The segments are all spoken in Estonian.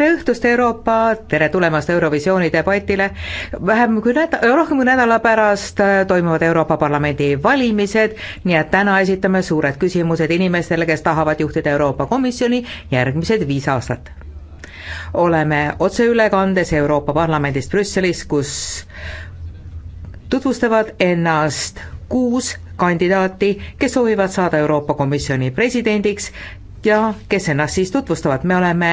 tere õhtust, Euroopa, tere tulemast Eurovisiooni debatile. vähem kui näda-, rohkem kui nädala pärast äh, toimuvad Euroopa Parlamendi valimised, nii et täna esitame suured küsimused inimestele, kes tahavad juhtida Euroopa Komisjoni järgmised viis aastat. oleme otseülekandes Euroopa Parlamendist Brüsselis, kus tutvustavad ennast kuus kandidaati, kes soovivad saada Euroopa Komisjoni presidendiks ja kes ennast siis tutvustavad, me oleme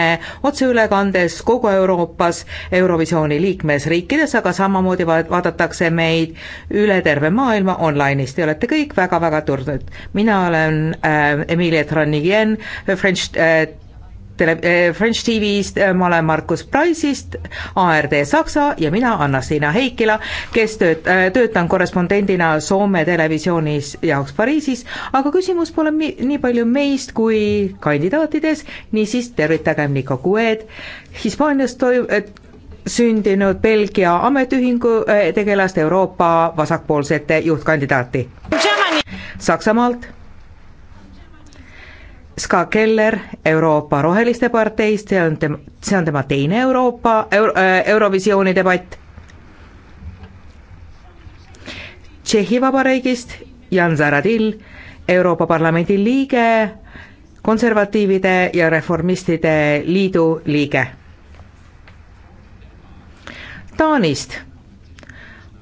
otseülekandes kogu Euroopas, Eurovisiooni liikmesriikides, aga samamoodi vaadatakse meid üle terve maailma online'is, te olete kõik väga-väga turdnud. mina olen äh, Emilia Tranigien, äh, French äh, tele-, eh, French TV-st, eh, ma olen Markus Price'ist, ARD Saksa ja mina, Anna-Stina Heikila, kes tööt-, eh, töötan korrespondendina Soome televisioonis jaoks Pariisis, aga küsimus pole mi-, nii palju meist kui kandidaatides, niisiis tervitagem Nico Cued, Hispaanias toim-, sündinud Belgia ametiühingu tegelast Euroopa vasakpoolsete juhtkandidaati. Saksamaalt Ska Keller Euroopa Roheliste parteist, see on tema, see on tema teine Euroopa Euro,, äh, Eurovisiooni debatt. Tšehhi Vabariigist Jan Zaradil, Euroopa Parlamendi liige, konservatiivide ja reformistide liidu liige. Taanist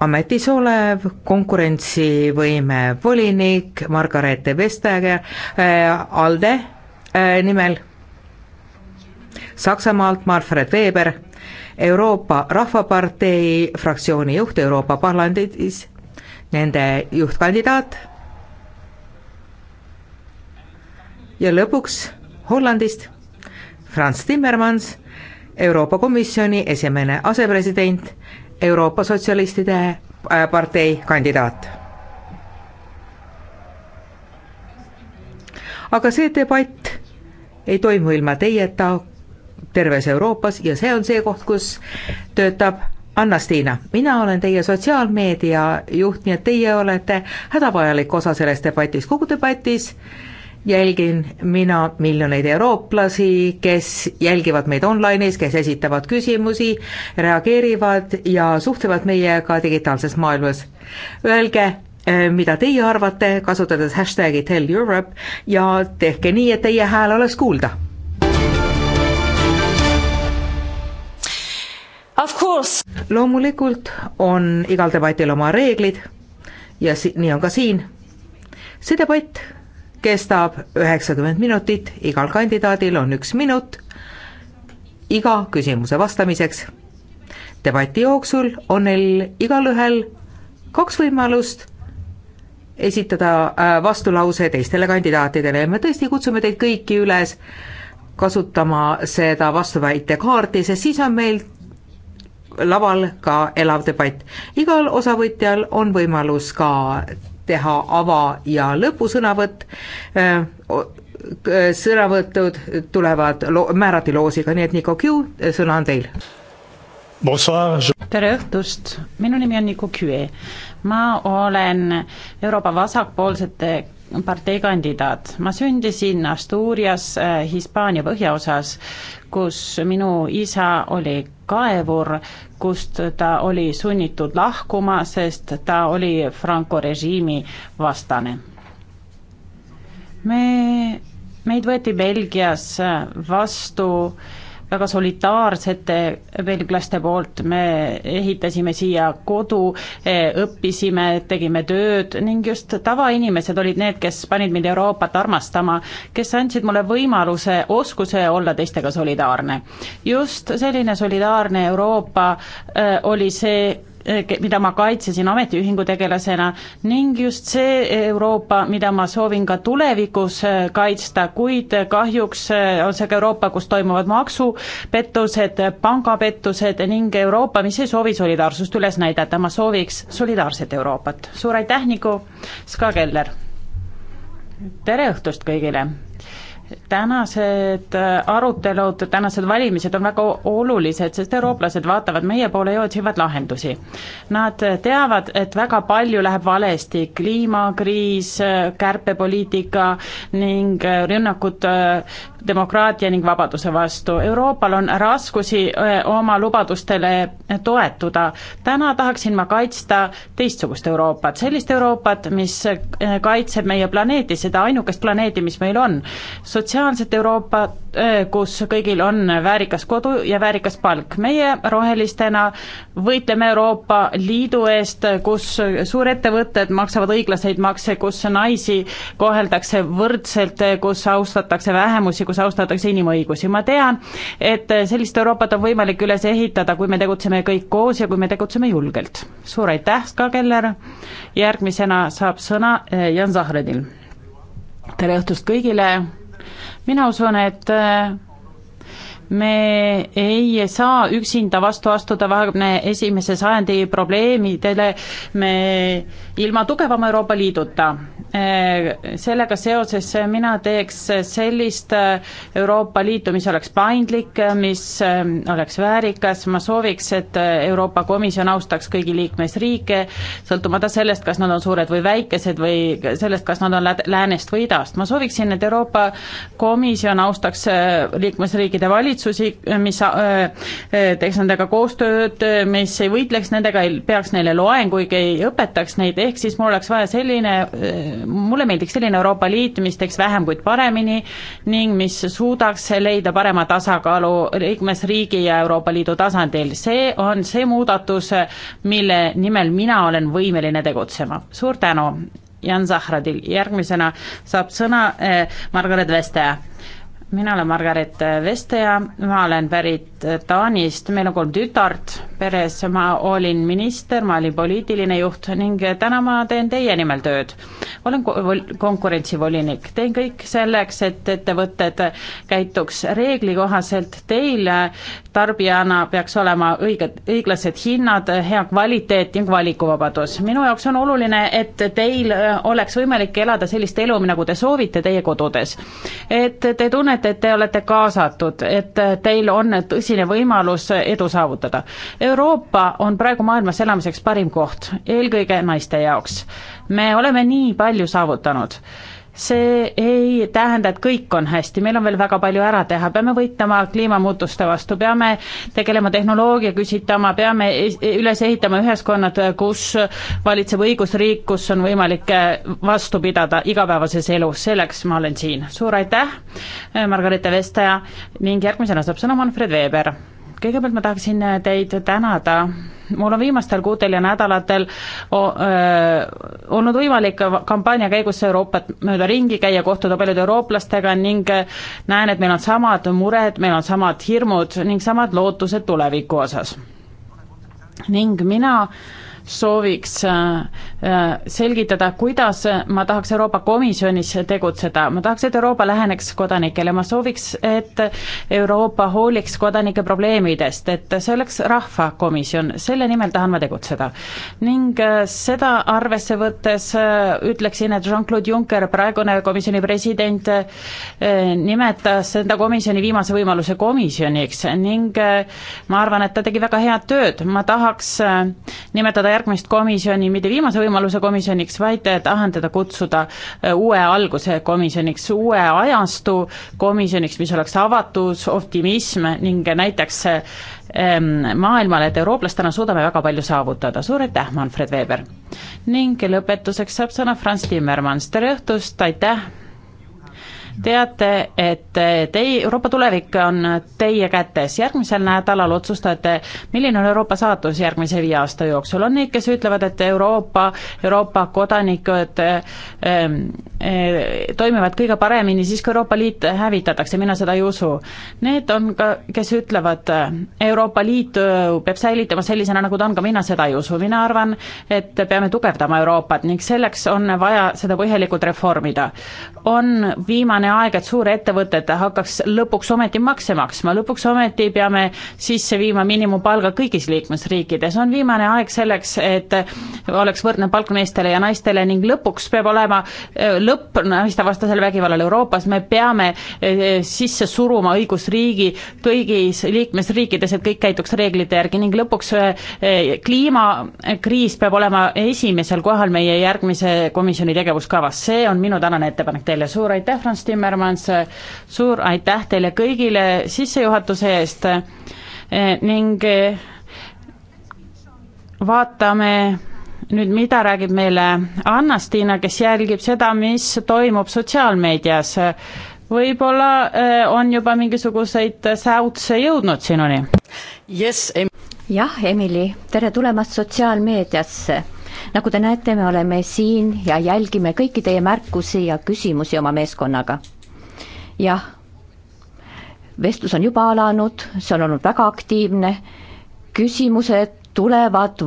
ametis olev konkurentsivõime volinik Margarete Vestager äh, ALDE äh, nimel, Saksamaalt Manfred Weber, Euroopa Rahvapartei fraktsiooni juht Euroopa Parlamendis, nende juhtkandidaat ja lõpuks Hollandist Franz Timmermans, Euroopa Komisjoni esimene asepresident Euroopa Sotsialistide äh, partei kandidaat. aga see debatt ei toimu ilma teieta terves Euroopas ja see on see koht, kus töötab Anna-Stiina, mina olen teie sotsiaalmeedia juht, nii et teie olete hädavajalik osa selles debatis, kogu debatis äh, jälgin mina miljoneid eurooplasi, kes jälgivad meid online'is, kes esitavad küsimusi, reageerivad ja suhtlevad meiega digitaalses maailmas. Öelge, eh, mida teie arvate, kasutades hashtag'i Tell Europe ja tehke nii, et teie hääl oleks kuulda. loomulikult on igal debatil oma reeglid ja si-, nii on ka siin. see debatt kestab üheksakümmend minutit, igal kandidaadil on üks minut iga küsimuse vastamiseks. debati jooksul on neil igalühel kaks võimalust esitada äh, vastulause teistele kandidaatidele ja me tõesti kutsume teid kõiki üles kasutama seda vastuväitekaarti, sest siis on meil laval ka elav debatt. igal osavõtjal on võimalus ka teha ava- ja lõpusõnavõtt, äh, äh, sõnavõtud tulevad, määrati loosiga, nii et Niko Kiu, sõna on teil. tere õhtust, minu nimi on Niko Kue. ma olen Euroopa vasakpoolsete partei kandidaat. ma sündisin Asturias äh, Hispaania põhjaosas, kus minu isa oli kaevur, kust ta oli sunnitud lahkuma, sest ta oli Franco režiimi vastane. me, meid võeti Belgias vastu äh, väga solidaarsete belglaste poolt, me ehitasime siia kodu, eh, õppisime, tegime tööd ning just tavainimesed olid need, kes panid mind Euroopat armastama, kes andsid mulle võimaluse, oskuse olla teistega solidaarne. just selline solidaarne Euroopa eh, oli see, Eh, mida ma kaitsesin ametiühingu tegelasena ning just see Euroopa, mida ma soovin ka tulevikus eh, kaitsta, kuid kahjuks eh, on see ka Euroopa, kus toimuvad maksupettused, pangapettused ning Euroopa, mis ei soovi solidaarsust üles näidata, ma sooviks solidaarset Euroopat. suur aitäh, Niku Ska Keller! tere õhtust kõigile! tänased äh, arutelud, tänased valimised on väga olulised, sest eurooplased vaatavad meie poole ja otsivad lahendusi. Nad teavad, et väga palju läheb valesti, kliimakriis, äh, kärpepoliitika ning äh, rünnakud demokraatia ning vabaduse vastu. Euroopal on raskusi oma lubadustele toetuda. täna tahaksin ma kaitsta teistsugust Euroopat, sellist Euroopat, mis kaitseb meie planeeti, seda ainukest planeedi, mis meil on. sotsiaalset Euroopat, kus kõigil on väärikas kodu ja väärikas palk. meie rohelistena võitleme Euroopa Liidu eest, kus suurettevõtted maksavad õiglaseid makse, kus naisi koheldakse võrdselt, kus austatakse vähemusi, kus kus austatakse inimõigusi. ma tean, et sellist Euroopat on võimalik üles ehitada, kui me tegutseme kõik koos ja kui me tegutseme julgelt. suur aitäh, Ska Keller, järgmisena saab sõna eh, Jan Zahredil. tere õhtust kõigile, mina usun, et eh, me ei saa üksinda vastu astuda kahekümne esimese sajandi probleemidele me ilma tugevama Euroopa Liiduta Äh, sellega seoses mina teeks sellist äh, Euroopa Liitu, mis oleks paindlik, äh, mis oleks väärikas, ma sooviks, et Euroopa Komisjon austaks kõigi liikmesriike, sõltumata sellest, kas nad on suured või väikesed või sellest, kas nad on lä-, läänest või idast. ma sooviksin, et Euroopa Komisjon austaks liikmesriikide valitsusi, mis teeks nendega koostööd, mis ei võitleks nendega, ei peaks neile loenguid, ei õpetaks neid, ehk siis mul oleks vaja selline mulle meeldiks selline Euroopa Liit, mis teeks vähem, kuid paremini ning mis suudaks leida parema tasakaalu liikmesriigi ja Euroopa Liidu tasandil. see on see muudatus, mille nimel mina olen võimeline tegutsema. suur tänu, Jan Zahradil, järgmisena saab sõna eh, Margaret Vestaja mina olen Margaret Vesteja, ma olen pärit Taanist, meil on kolm tütart peres, ma olin minister, ma olin poliitiline juht ning täna ma teen teie nimel tööd. olen konkurentsivolinik, teen kõik selleks, et ettevõtted käituks reegli kohaselt, teil tarbijana peaks olema õiged, õiglased hinnad, hea kvaliteet ning valikuvabadus. minu jaoks on oluline, et teil oleks võimalik elada sellist elu, nagu te soovite teie kodudes. et te tunnete näete, et te olete kaasatud, et teil on tõsine võimalus edu saavutada. Euroopa on praegu maailmas elamiseks parim koht, eelkõige naiste jaoks. me oleme nii palju saavutanud see ei tähenda, et kõik on hästi, meil on veel väga palju ära teha, peame võitlema kliimamuutuste vastu, peame tegelema tehnoloogia küsitama, peame üles ehitama ühiskonnad, kus valitseb õigusriik, kus on võimalik äh, vastu pidada igapäevases elus, selleks ma olen siin. suur aitäh, Margareeta Vestaja ning järgmisena saab sõna Manfred Weber kõigepealt ma tahaksin teid tänada. mul on viimastel kuudel ja nädalatel olnud võimalik kampaania käigus Euroopat mööda ringi käia, kohtuda paljude eurooplastega ning näen, et meil on samad mured, meil on samad hirmud ning samad lootused tuleviku osas. ning mina äh, sooviks äh, äh, selgitada, kuidas ma tahaks Euroopa Komisjonis tegutseda, ma tahaks, et Euroopa läheneks kodanikele, ma sooviks, et Euroopa hooliks kodanike probleemidest, et see oleks rahvakomisjon, selle nimel tahan ma tegutseda. ning äh, seda arvesse võttes ütleksin, et Jean-Claude Juncker, praegune komisjoni president, nimetas enda komisjoni viimase võimaluse komisjoniks ning ma arvan, et ta tegi väga head tööd, ma tahaks nimetada järgmist komisjoni mitte viimase võimaluse komisjoniks, vaid tahan teda kutsuda äh, uue alguse komisjoniks, uue ajastu komisjoniks, mis oleks avatus, optimism ning näitaks ähm, maailmale, et eurooplastena suudame väga palju saavutada, suur aitäh, Manfred Weber! ning lõpetuseks saab sõna Franz Timmermann, tere õhtust, aitäh! teate, et teie, Euroopa tulevik on teie kätes, järgmisel nädalal otsustate, milline on Euroopa saatus järgmise viie aasta jooksul, on neid, kes ütlevad, et Euroopa, Euroopa kodanikud ähm, äh, toimivad kõige paremini siis, kui Euroopa Liit hävitatakse, mina seda ei usu. Need on ka, kes ütlevad, äh, Euroopa Liit äh, peab säilitama sellisena, nagu ta on, ka mina seda ei usu, mina arvan, et peame tugevdama Euroopat ning selleks on vaja seda põhjalikult reformida. on viimane viimane aeg, et suurettevõtted hakkaks lõpuks ometi makse maksma, lõpuks ometi peame sisse viima miinimumpalga kõigis liikmesriikides, on viimane aeg selleks, et oleks võrdne palk meestele ja naistele ning lõpuks peab olema eh, lõpp naistevastasele vägivallale Euroopas, me peame eh, sisse suruma õigusriigi kõigis liikmesriikides, et kõik käituks reeglite järgi ning lõpuks eh, kliimakriis peab olema esimesel kohal meie järgmise komisjoni tegevuskavas, see on minu tänane ettepanek teile, suur aitäh, Franz Timm! Timmermans, suur aitäh teile kõigile sissejuhatuse eest ning vaatame nüüd, mida räägib meile Anna-Stiina, kes jälgib seda, mis toimub sotsiaalmeedias. võib-olla eh, on juba mingisuguseid säutse jõudnud sinuni yes,? jah, Emily, tere tulemast sotsiaalmeediasse nagu te näete, me oleme siin ja jälgime kõiki teie märkusi ja küsimusi oma meeskonnaga. jah, vestlus on juba alanud, see on olnud väga aktiivne, küsimused tulevad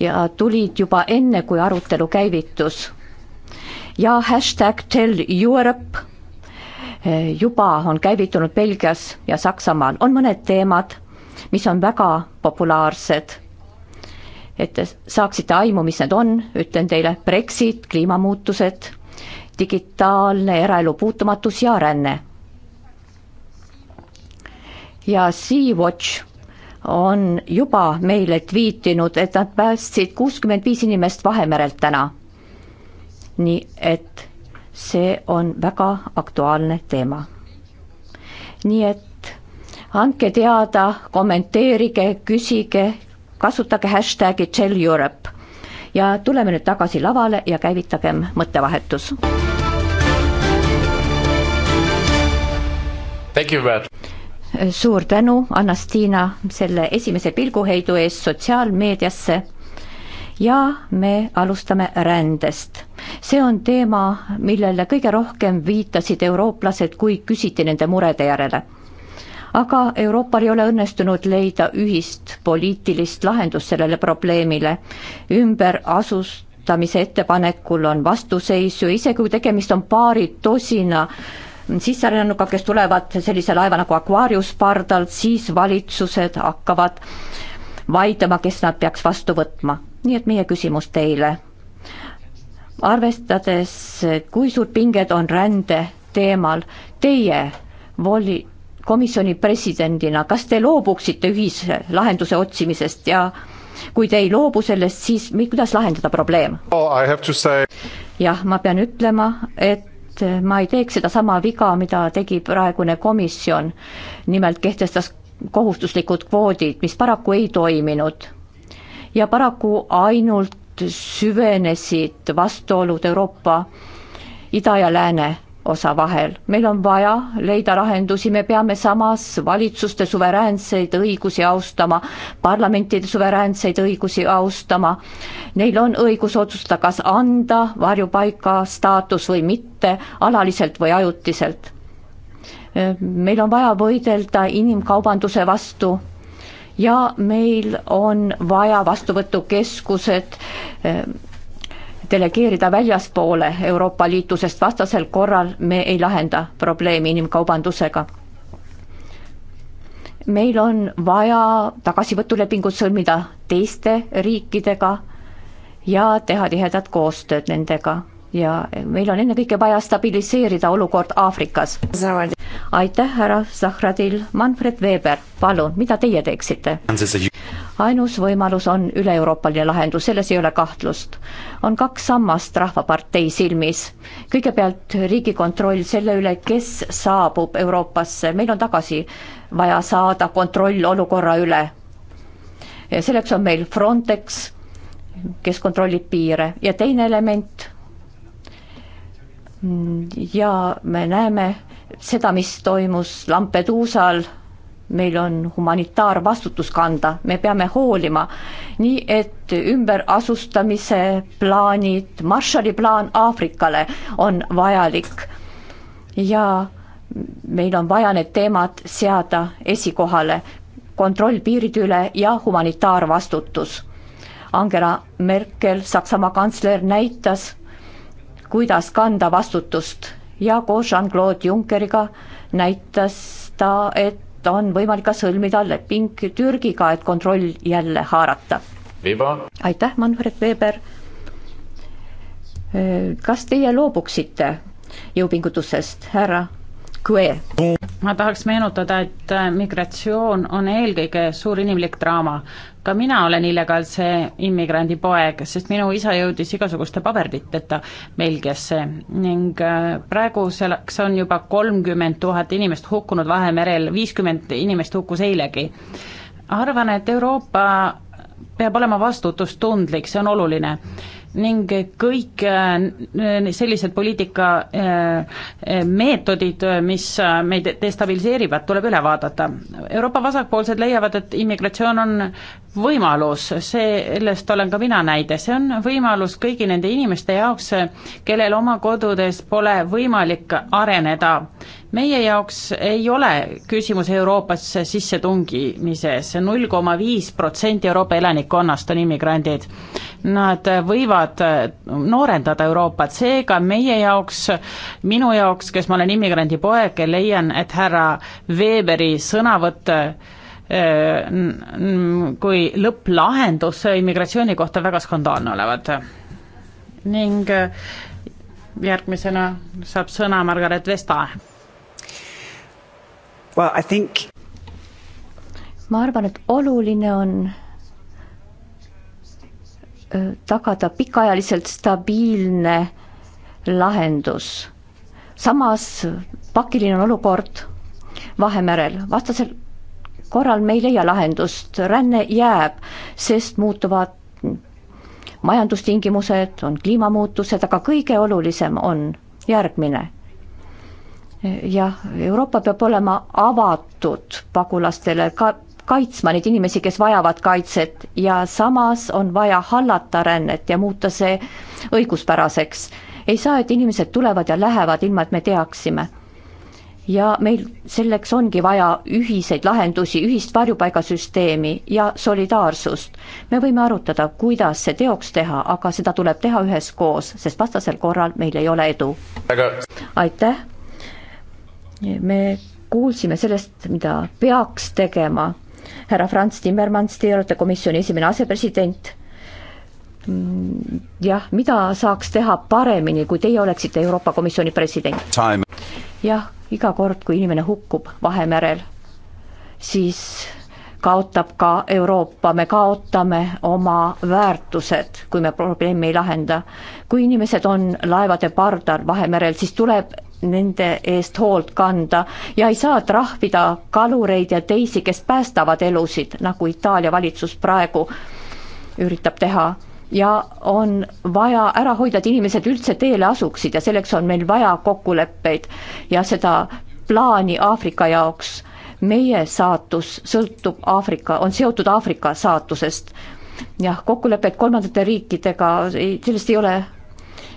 ja tulid juba enne, kui arutelu käivitus. ja hashtag tell Europe eh, juba on käivitunud Belgias ja Saksamaal, on mõned teemad, mis on väga populaarsed et te saaksite aimu, mis need on, ütlen teile Brexit, kliimamuutused, digitaalne eraelu puutumatus ja ränne. ja Sea-Watch on juba meile tweetinud, et nad päästsid kuuskümmend viis inimest Vahemerelt täna. nii et see on väga aktuaalne teema. nii et andke teada, kommenteerige, küsige, kasutage hashtag'i Tell Europe. ja tuleme nüüd tagasi lavale ja käivitagem mõttevahetus. suur tänu, Anastina, selle esimese pilguheidu eest sotsiaalmeediasse ja me alustame rändest. see on teema, millele kõige rohkem viitasid eurooplased, kui küsiti nende murede järele aga Euroopal ei ole õnnestunud leida ühist poliitilist lahendust sellele probleemile. ümberasustamise ettepanekul on vastuseisu, isegi kui tegemist on paari tosina sisserännuga, kes tulevad sellise laeva nagu Aquarius pardalt, siis valitsused hakkavad vaidlema, kes nad peaks vastu võtma. nii et meie küsimus teile. arvestades, kui suur pinged on rände teemal, teie voli, komisjoni presidendina, kas te loobuksite ühise lahenduse otsimisest ja kui te ei loobu sellest, siis kuidas lahendada probleem oh,? jah, ma pean ütlema, et ma ei teeks sedasama viga, mida tegi praegune komisjon. nimelt kehtestas kohustuslikud kvoodid, mis paraku ei toiminud. ja paraku ainult süvenesid vastuolud Euroopa ida ja lääne osa vahel. meil on vaja leida lahendusi, me peame samas valitsuste suveräänseid õigusi austama, parlamentide suveräänseid õigusi austama. Neil on õigus otsustada, kas anda varjupaika staatus või mitte, alaliselt või ajutiselt. meil on vaja võidelda inimkaubanduse vastu ja meil on vaja vastuvõtukeskused delegeerida väljaspoole Euroopa Liitu, sest vastasel korral me ei lahenda probleemi inimkaubandusega. meil on vaja tagasivõtulepingud sõlmida teiste riikidega ja teha tihedat koostööd nendega ja meil on ennekõike vaja stabiliseerida olukord Aafrikas. aitäh, härra Zahradil, Manfred Weber, palun, mida teie teeksite? ainus võimalus on üle-euroopaline lahendus, selles ei ole kahtlust. on kaks sammast Rahvapartei silmis. kõigepealt Riigikontroll selle üle, kes saabub Euroopasse, meil on tagasi vaja saada kontroll olukorra üle. selleks on meil Frontex, kes kontrollib piire ja teine element, mm, ja me näeme seda, mis toimus Lampeduusal meil on humanitaarvastutus kanda, me peame hoolima, nii et ümberasustamise plaanid, Marshalli plaan Aafrikale on vajalik ja meil on vaja need teemad seada esikohale, kontroll piiride üle ja humanitaarvastutus. Angela Merkel, Saksamaa kantsler, näitas, kuidas kanda vastutust ja koos Jean-Claude Junckeriga näitas ta, et on võimalik ka sõlmida leping Türgiga, et kontroll jälle haarata. aitäh, Manfred Weber. kas teie loobuksite jõupingutusest, härra ma tahaks meenutada, et äh, migratsioon on eelkõige suur inimlik draama. ka mina olen illegaalse immigrandi poeg, sest minu isa jõudis igasuguste paberditeta Belgiasse ning äh, praegu selleks on juba kolmkümmend tuhat inimest hukkunud Vahemerel, viiskümmend inimest hukkus eilegi. arvan, et Euroopa peab olema vastutustundlik, see on oluline ning kõik äh, sellised poliitika äh, meetodid, äh, mis meid destabiliseerivad, tuleb üle vaadata. Euroopa vasakpoolsed leiavad, et immigratsioon on võimalus, sellest olen ka mina näide, see on võimalus kõigi nende inimeste jaoks, kellel oma kodudes pole võimalik areneda meie jaoks ei ole küsimus Euroopasse sissetungimises, null koma viis protsenti Euroopa elanikkonnast on immigrandid. Nad võivad noorendada Euroopat, seega meie jaoks, minu jaoks, kes ma olen immigrandi poeg, leian, et härra Weberi sõnavõtt äh, kui lõpplahendus immigratsiooni kohta väga skandaalne olevat. ning äh, järgmisena saab sõna Margaret Vestager well,? Think... ma arvan, et oluline on tagada pikaajaliselt stabiilne lahendus. samas pakiline on olukord Vahemerel, vastasel korral me ei leia lahendust, ränne jääb, sest muutuvad majandustingimused, on kliimamuutused, aga kõige olulisem on järgmine jah, Euroopa peab olema avatud pagulastele, ka kaitsma neid inimesi, kes vajavad kaitset ja samas on vaja hallata rännet ja muuta see õiguspäraseks. ei saa, et inimesed tulevad ja lähevad, ilma et me teaksime. ja meil selleks ongi vaja ühiseid lahendusi, ühist varjupaigasüsteemi ja solidaarsust. me võime arutada, kuidas see teoks teha, aga seda tuleb teha üheskoos, sest vastasel korral meil ei ole edu. aitäh! me kuulsime sellest, mida peaks tegema. härra Franz Timmermans, teie olete komisjoni esimene asepresident. Mm, jah, mida saaks teha paremini, kui teie oleksite Euroopa Komisjoni president? jah, iga kord, kui inimene hukkub Vahemerel, siis kaotab ka Euroopa, me kaotame oma väärtused, kui me probleemi ei lahenda. kui inimesed on laevade pardal Vahemerel, siis tuleb nende eest hoolt kanda ja ei saa trahvida kalureid ja teisi, kes päästavad elusid, nagu Itaalia valitsus praegu üritab teha. ja on vaja ära hoida, et inimesed üldse teele asuksid ja selleks on meil vaja kokkuleppeid ja seda plaani Aafrika jaoks. meie saatus sõltub Aafrika, on seotud Aafrika saatusest. jah, kokkulepped kolmandate riikidega, ei, sellest ei ole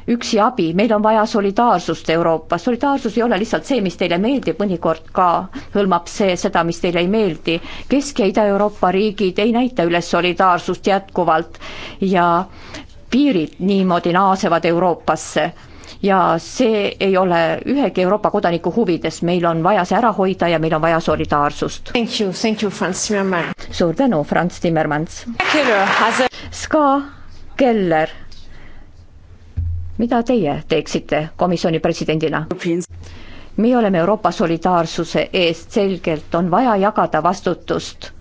üksi abi, meil on vaja solidaarsust Euroopas, solidaarsus ei ole lihtsalt see, mis teile meeldib, mõnikord ka hõlmab see seda, mis teile ei meeldi. Kesk- ja Ida-Euroopa riigid ei näita üles solidaarsust jätkuvalt ja piirid niimoodi naasevad Euroopasse ja see ei ole ühegi Euroopa kodaniku huvides, meil on vaja see ära hoida ja meil on vaja solidaarsust. suur tänu, Franz Timmermans. Ska Keller mida teie teeksite komisjoni presidendina? meie oleme Euroopa solidaarsuse eest, selgelt on vaja jagada vastutust.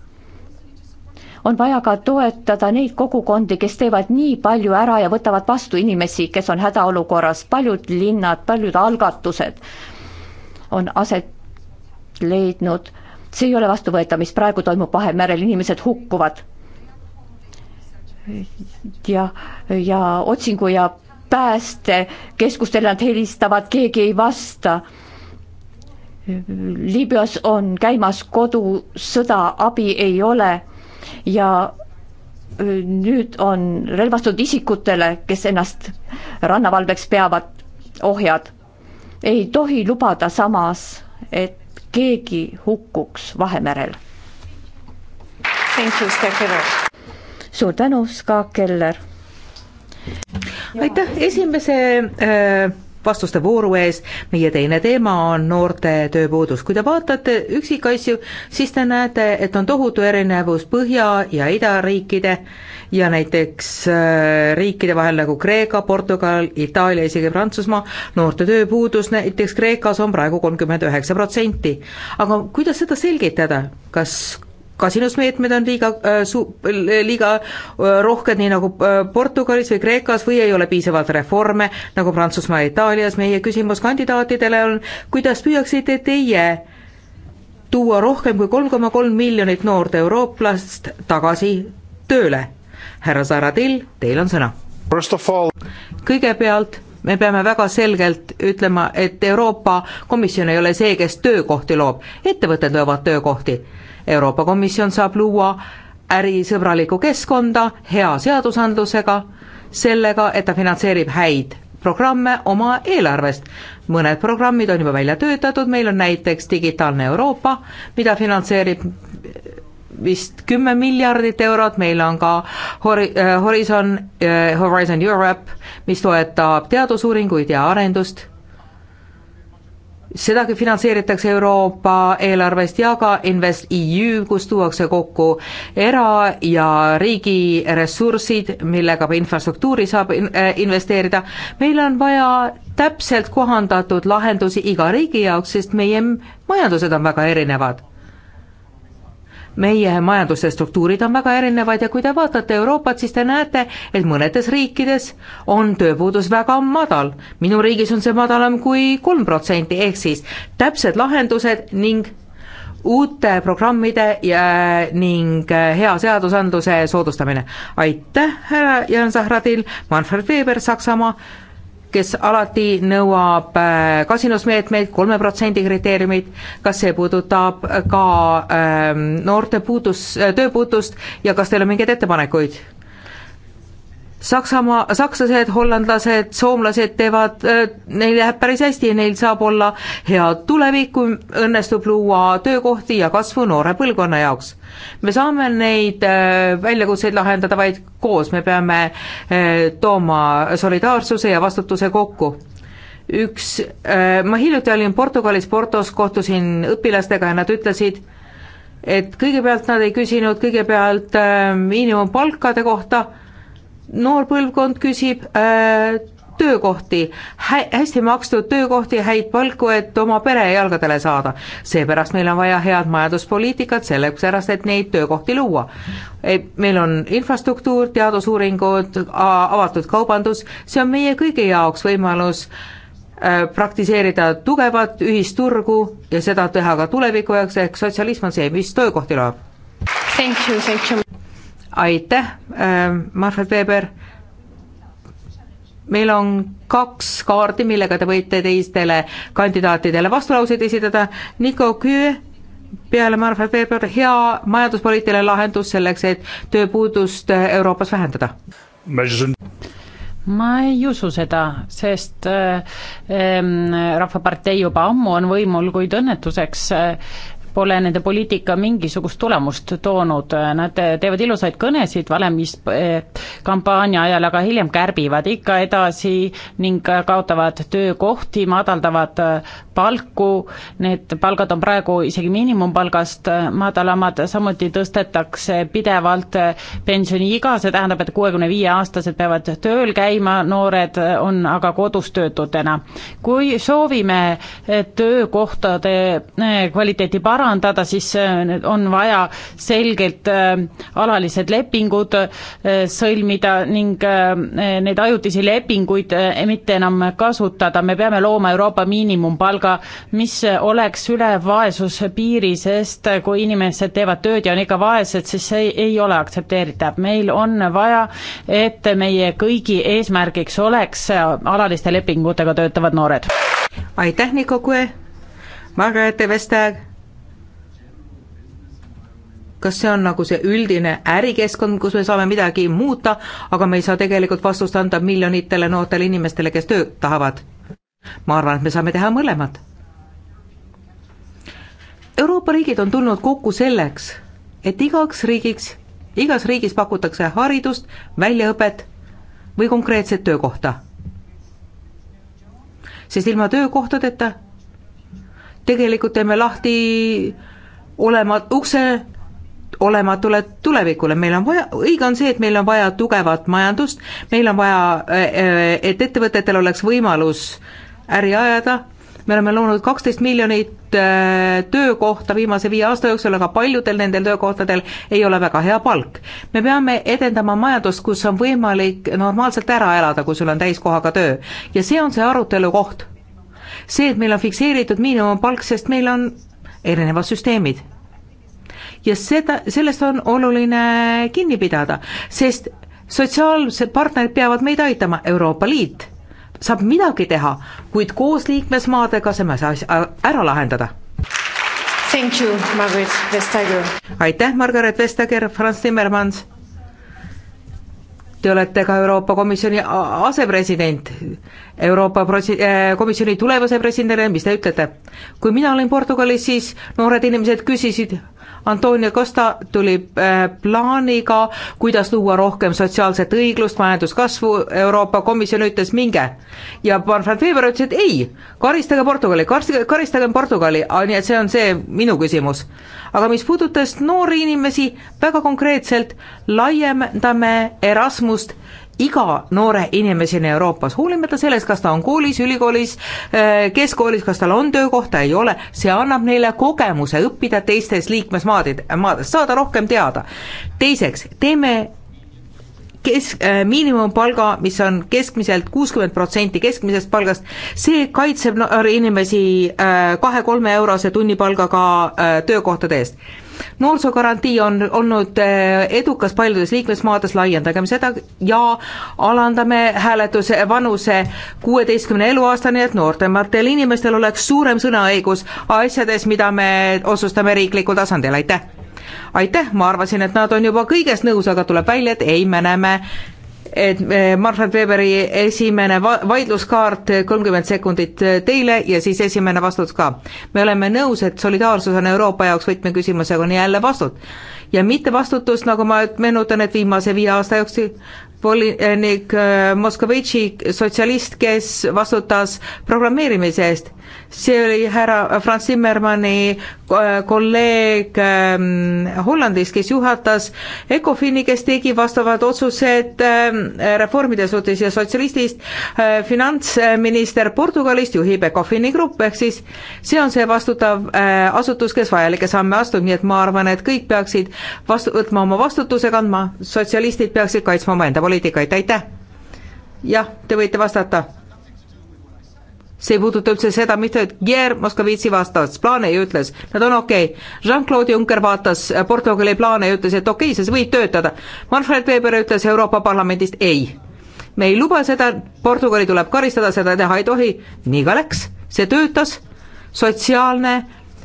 on vaja ka toetada neid kogukondi, kes teevad nii palju ära ja võtavad vastu inimesi, kes on hädaolukorras, paljud linnad, paljud algatused on aset leidnud, see ei ole vastuvõetav, mis praegu toimub Vahemerel, inimesed hukkuvad. ja, ja otsingu ja päästekeskustele nad helistavad, keegi ei vasta. Liibüas on käimas kodusõda, abi ei ole ja nüüd on relvastatud isikutele, kes ennast rannavalveks peavad, ohjad. ei tohi lubada samas, et keegi hukkuks Vahemerel. suur tänu, Ska Keller aitäh esimese äh, vastuste vooru ees. meie teine teema on noorte tööpuudus. kui te vaatate üksikasju, siis te näete, et on tohutu erinevus Põhja- ja Idariikide ja näiteks äh, riikide vahel nagu Kreeka, Portugal, Itaalia, isegi Prantsusmaa, noorte tööpuudus näiteks Kreekas on praegu kolmkümmend üheksa protsenti. aga kuidas seda selgitada, kas kasinusmeetmed on liiga äh, su-, liiga äh, rohked, nii nagu äh, Portugalis või Kreekas, või ei ole piisavalt reforme, nagu Prantsusmaa ja Itaalias, meie küsimus kandidaatidele on, kuidas püüaksite teie tuua rohkem kui kolm koma kolm miljonit noort eurooplast tagasi tööle? härra Zaratil, teil on sõna. kõigepealt me peame väga selgelt ütlema, et Euroopa Komisjon ei ole see, kes töökohti loob, ettevõtted loovad töökohti Euroopa Komisjon saab luua ärisõbralikku keskkonda hea seadusandlusega, sellega, et ta finantseerib häid programme oma eelarvest. mõned programmid on juba välja töötatud, meil on näiteks Digitaalne Euroopa, mida finantseerib vist kümme miljardit eurot, meil on ka hori-, äh, Horizon, äh, Horizon Europe, mis toetab teadusuuringuid ja arendust sedagi finantseeritakse Euroopa eelarvest ja ka InvestEU, kus tuuakse kokku era- ja riigiressursid, millega infrastruktuuri saab äh, investeerida. meil on vaja täpselt kohandatud lahendusi iga riigi jaoks, sest meie majandused on väga erinevad meie majanduse struktuurid on väga erinevad ja kui te vaatate Euroopat, siis te näete, et mõnedes riikides on tööpuudus väga madal. minu riigis on see madalam kui kolm protsenti, ehk siis täpsed lahendused ning uute programmide ja ning äh, hea seadusandluse soodustamine. aitäh, härra Jan Zahradil, Manfred Weber, Saksamaa kes alati nõuab äh, kasinusmeetmeid, kolme protsendi kriteeriumit, kas see puudutab ka ähm, noorte puudus, tööpuudust ja kas teil on mingeid ettepanekuid? Saksamaa, sakslased, hollandlased, soomlased teevad, neil läheb päris hästi ja neil saab olla head tulevik, kui õnnestub luua töökohti ja kasvu noore põlvkonna jaoks. me saame neid väljakutseid lahendada vaid koos, me peame tooma solidaarsuse ja vastutuse kokku üks, ma hiljuti olin Portugalis Portos, kohtusin õpilastega ja nad ütlesid, et kõigepealt nad ei küsinud kõigepealt miinimumpalkade kohta noor põlvkond küsib äh, töökohti hä, hästi makstud töökohti, häid palku, et oma pere jalgadele saada. seepärast meil on vaja head majanduspoliitikat, sellepärast et neid töökohti luua. meil on infrastruktuur, teadusuuringud, avatud kaubandus, see on meie kõigi jaoks võimalus äh, praktiseerida tugevat ühisturgu ja seda teha ka tuleviku jaoks, ehk sotsialism on see, mis töökohti loob aitäh, ähm, Marfet Weber. meil on kaks kaardi, millega te võite teistele kandidaatidele vastulauseid esitada. Niko Küü peale Marfet Weber, hea majanduspoliitiline lahendus selleks, et tööpuudust äh, Euroopas vähendada ma ei usu seda, sest äh, äh, Rahvapartei juba ammu on võimul, kuid õnnetuseks äh, pole nende poliitika mingisugust tulemust toonud, nad teevad ilusaid kõnesid valimiskampaania ajal, aga hiljem kärbivad ikka edasi ning kaotavad töökohti, madaldavad palku, need palgad on praegu isegi miinimumpalgast madalamad, samuti tõstetakse pidevalt pensioniiga, see tähendab, et kuuekümne viie aastased peavad tööl käima, noored on aga kodus töötutena. kui soovime töökohtade kvaliteeti parandada, parandada, siis äh, on vaja selgelt äh, alalised lepingud äh, sõlmida ning neid ajutisi lepinguid mitte enam kasutada, me peame looma Euroopa miinimumpalga, mis oleks üle vaesuspiiri, sest kui inimesed teevad tööd ja on ikka vaesed, siis see ei, ei ole aktsepteeritav, meil on vaja, et meie kõigi eesmärgiks oleks alaliste lepingutega töötavad noored. aitäh, Niko Kue, Margareete Vestager kas see on nagu see üldine ärikeskkond, kus me saame midagi muuta, aga me ei saa tegelikult vastust anda miljonitele noortele inimestele, kes tööd tahavad? ma arvan, et me saame teha mõlemat. Euroopa riigid on tulnud kokku selleks, et igaks riigiks, igas riigis pakutakse haridust, väljaõpet või konkreetset töökohta. sest ilma töökohtadeta tegelikult teeme lahti olema ukse olematule tulevikule, meil on vaja, õige on see, et meil on vaja tugevat majandust, meil on vaja, äh, äh, et ettevõtetel oleks võimalus äri ajada, me oleme loonud kaksteist miljonit äh, töökohta viimase viie aasta jooksul, aga paljudel nendel töökohtadel ei ole väga hea palk. me peame edendama majandust, kus on võimalik normaalselt ära elada, kui sul on täiskohaga töö. ja see on see arutelu koht. see, et meil on fikseeritud miinimumpalk, sest meil on erinevad süsteemid ja seda, sellest on oluline kinni pidada, sest sotsiaalsed partnerid peavad meid aitama, Euroopa Liit saab midagi teha, kuid koos liikmesmaadega saame see asja ära lahendada. Thank you, Margaret Vestager. aitäh, Margaret Vestager, Franz Timmermans. Te olete ka Euroopa Komisjoni asepresident, Euroopa prosi-, eh, komisjoni tulevase presidendile, mis te ütlete? kui mina olin Portugalis, siis noored inimesed küsisid, Antonio Costa tuli äh, plaaniga, kuidas luua rohkem sotsiaalset õiglust, majanduskasvu, Euroopa Komisjon ütles minge. ja Manfred Weber ütles, et ei, karistage Portugali, karistage, karistage Portugali, ah, nii et see on see minu küsimus. aga mis puudutas noori inimesi, väga konkreetselt laiendame Erasmust iga noore inimeseni Euroopas, hoolimata sellest, kas ta on koolis, ülikoolis, äh, keskkoolis, kas tal on töökohta, ei ole, see annab neile kogemuse õppida teistes liikmesmaadid, maades, saada rohkem teada. teiseks, teeme kes- äh,, miinimumpalga, mis on keskmiselt kuuskümmend protsenti keskmisest palgast, see kaitseb noori inimesi äh, kahe-kolme eurose tunnipalgaga äh, töökohtade eest noorsoogarantii on olnud eh, edukas paljudes liikmesmaades, laiendagem seda ja alandame hääletuse vanuse kuueteistkümne eluaastani, et noortematel inimestel oleks suurem sõnaõigus asjades, mida me otsustame riiklikul tasandil, aitäh! aitäh, ma arvasin, et nad on juba kõiges nõus, aga tuleb välja, et ei, me näeme et eh, Manfred Weberi esimene va-, vaidluskaart, eh, kolmkümmend sekundit eh, teile ja siis esimene vastus ka. me oleme nõus, et solidaarsus on Euroopa jaoks võtmeküsimus, aga on jälle vastus. ja mitte vastutus, nagu ma meenutan, et viimase viie aasta jooksul volinik äh, Moskovitši, sotsialist, kes vastutas programmeerimise eest. see oli härra Franz Zimmermanni äh, kolleeg ähm, Hollandist, kes juhatas Ecofini, kes tegi vastavad otsused ähm, reformide suhtes ja sotsialistist äh, finantsminister Portugalist juhib Ecofini grupp, ehk siis see on see vastutav asutus, kes vajalikke samme astub, nii et ma arvan, et kõik peaksid vastu, võtma oma vastutuse kandma, sotsialistid peaksid kaitsma omaenda poliitikat poliitikaid, aitäh! jah, te võite vastata. see ei puuduta üldse seda, mida Gier Moskovitsi vastas, plaane ja ütles, nad on okei okay.. Jean-Claude Juncker vaatas Portugali plaane ja ütles, et okei okay,, see võib töötada. Manfred Weber ütles Euroopa Parlamendist ei. me ei luba seda, Portugali tuleb karistada, seda teha ei tohi, nii ka läks, see töötas, sotsiaalne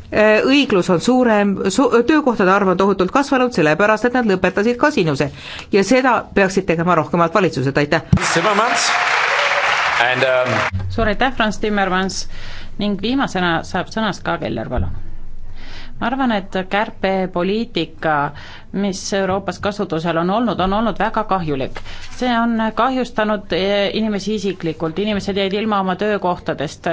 Äh, õiglus on suurem su,, töökohtade arv on tohutult kasvanud, sellepärast et nad lõpetasid kasinuse. ja seda peaksid tegema rohkemad valitsused, aitäh! And, um... suur aitäh, Franz Timmermans ning viimasena saab sõnast ka Keller, palun. ma arvan, et kärpepoliitika, mis Euroopas kasutusel on olnud, on olnud väga kahjulik. see on kahjustanud e, inimesi isiklikult, inimesed jäid ilma oma töökohtadest,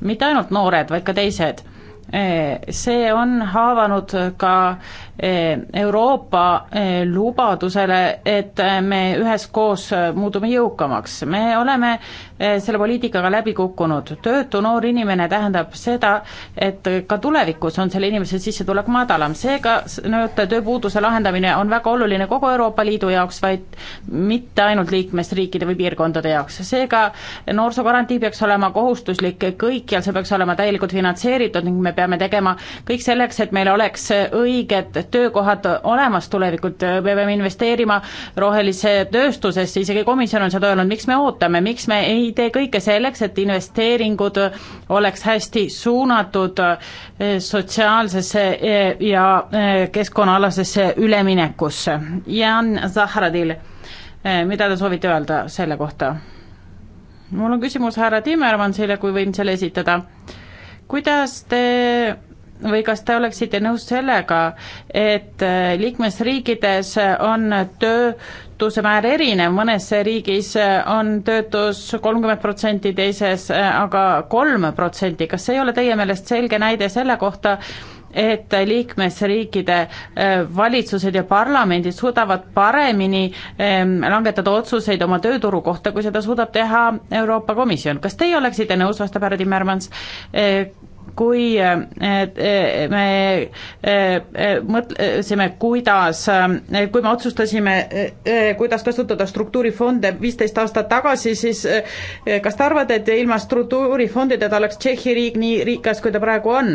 mitte ainult noored, vaid ka teised Eh, see on haavanud ka Eh, Euroopa eh, lubadusele, et eh, me üheskoos muutume jõukamaks. me oleme selle poliitikaga läbi kukkunud. töötu noor inimene tähendab seda, et ka tulevikus on selle inimese sissetulek madalam, seega nii-öelda tööpuuduse lahendamine on väga oluline kogu Euroopa Liidu jaoks, vaid mitte ainult liikmesriikide või piirkondade jaoks. seega noorsoogarantii peaks olema kohustuslik kõikjal, see peaks olema täielikult finantseeritud ning me peame tegema kõik selleks, et meil oleks õiged töökohad olemas tulevikult, me peame investeerima rohelisse tööstusesse, isegi komisjon on seda öelnud, miks me ootame, miks me ei tee kõike selleks, et investeeringud oleks hästi suunatud eh, sotsiaalsesse eh, ja eh, keskkonnaalasesse üleminekusse. Jan Zahradil, mida te soovite öelda selle kohta? mul on küsimus härra Timmermansile, kui võin selle esitada. kuidas te või kas te oleksite nõus sellega, et äh, liikmesriikides on töötuse määr erinev, mõnes riigis äh, on töötus kolmkümmend protsenti, teises äh, aga kolm protsenti, kas see ei ole teie meelest selge näide selle kohta, et liikmesriikide valitsused ja parlamendid suudavad paremini ähm, langetada otsuseid oma tööturu kohta, kui seda suudab teha Euroopa Komisjon. kas teie oleksite nõus, vastab härra Timmermans, kui äh, äh, me äh, mõtlesime, kuidas, kui me otsustasime, kuidas kasutada struktuurifonde viisteist aastat tagasi, siis kas te arvate, et ilma struktuurifondideta oleks Tšehhi riik nii rikas, kui ta praegu on?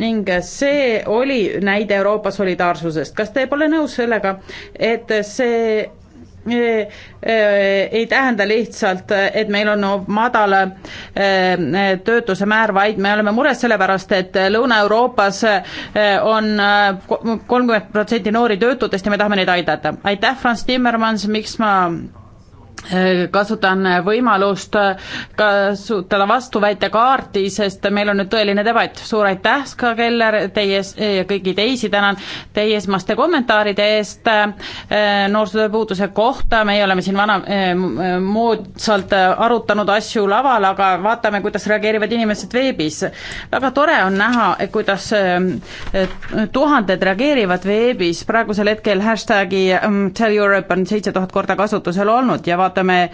ning see oli näide Euroopa solidaarsusest, kas te pole nõus sellega, et see ei tähenda lihtsalt, et meil on madal töötuse määr, vaid me oleme mures sellepärast, et Lõuna-Euroopas on kolmkümmend protsenti noori töötutest ja me tahame neid aidata. aitäh, Franz Timmermans, miks ma Äh, kasutan äh, võimalust äh, kasutada vastuväitekaarti, sest meil on nüüd tõeline debatt. suur aitäh, Ska Keller, teie ja kõiki teisi tänan teie esmaste kommentaaride eest noorsootööpuuduse kohta. meie oleme siin vana moodsalt arutanud asju laval, aga vaatame, kuidas reageerivad inimesed veebis. väga tore on näha, kuidas tuhanded reageerivad veebis. praegusel hetkel hashtagi ähm, Tell Europe on seitse tuhat korda kasutusel olnud ja vaatame, vaatame,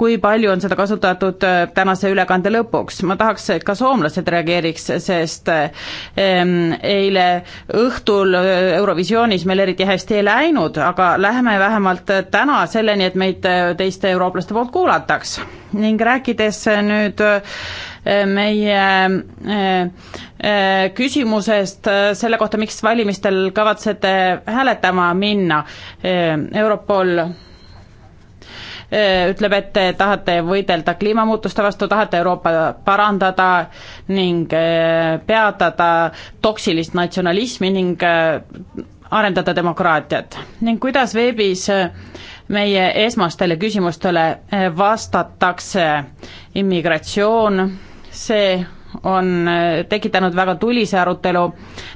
kui palju on seda kasutatud äh, tänase ülekande lõpuks. ma tahaks, et ka soomlased reageeriks, sest ähm, eile õhtul äh, Eurovisioonis meil eriti hästi ei läinud, aga läheme vähemalt täna selleni, et meid äh, teiste eurooplaste poolt kuulataks. ning rääkides nüüd meie küsimusest selle kohta, miks valimistel kavatsete hääletama minna, Europol Äh, ütleb, et te tahate võidelda kliimamuutuste vastu, tahate Euroopa parandada ning äh, peatada toksilist natsionalismi ning äh, arendada demokraatiat ning kuidas veebis meie esmastele küsimustele vastatakse immigratsioon, see on äh, tekitanud väga tulise arutelu,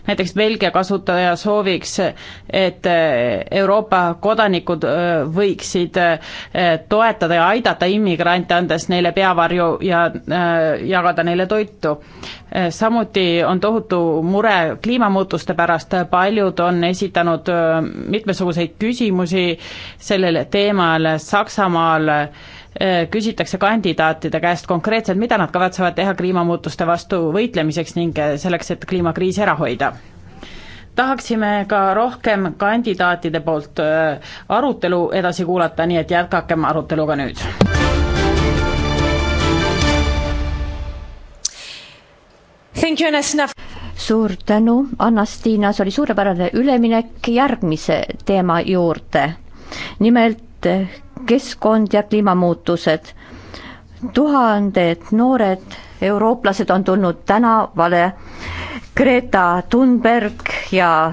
näiteks Belgia kasutaja sooviks, et äh, Euroopa kodanikud äh, võiksid toetada ja aidata immigrante, andes neile peavarju ja jagada neile toitu. samuti on tohutu mure kliimamuutuste pärast, paljud on esitanud mitmesuguseid küsimusi sellel teemal Saksamaal, Äh, küsitakse kandidaatide käest konkreetselt, mida nad kavatsevad teha kliimamuutuste vastu võitlemiseks ning äh, selleks, et kliimakriis ära hoida. tahaksime ka rohkem kandidaatide poolt äh, arutelu edasi kuulata, nii et jätkakem aruteluga nüüd. Thank you, Anastina. suur tänu, Anastina, see oli suurepärane üleminek järgmise teema juurde nimelt eh, keskkond ja kliimamuutused. tuhanded noored eurooplased on tulnud tänavale. Greta Thunberg ja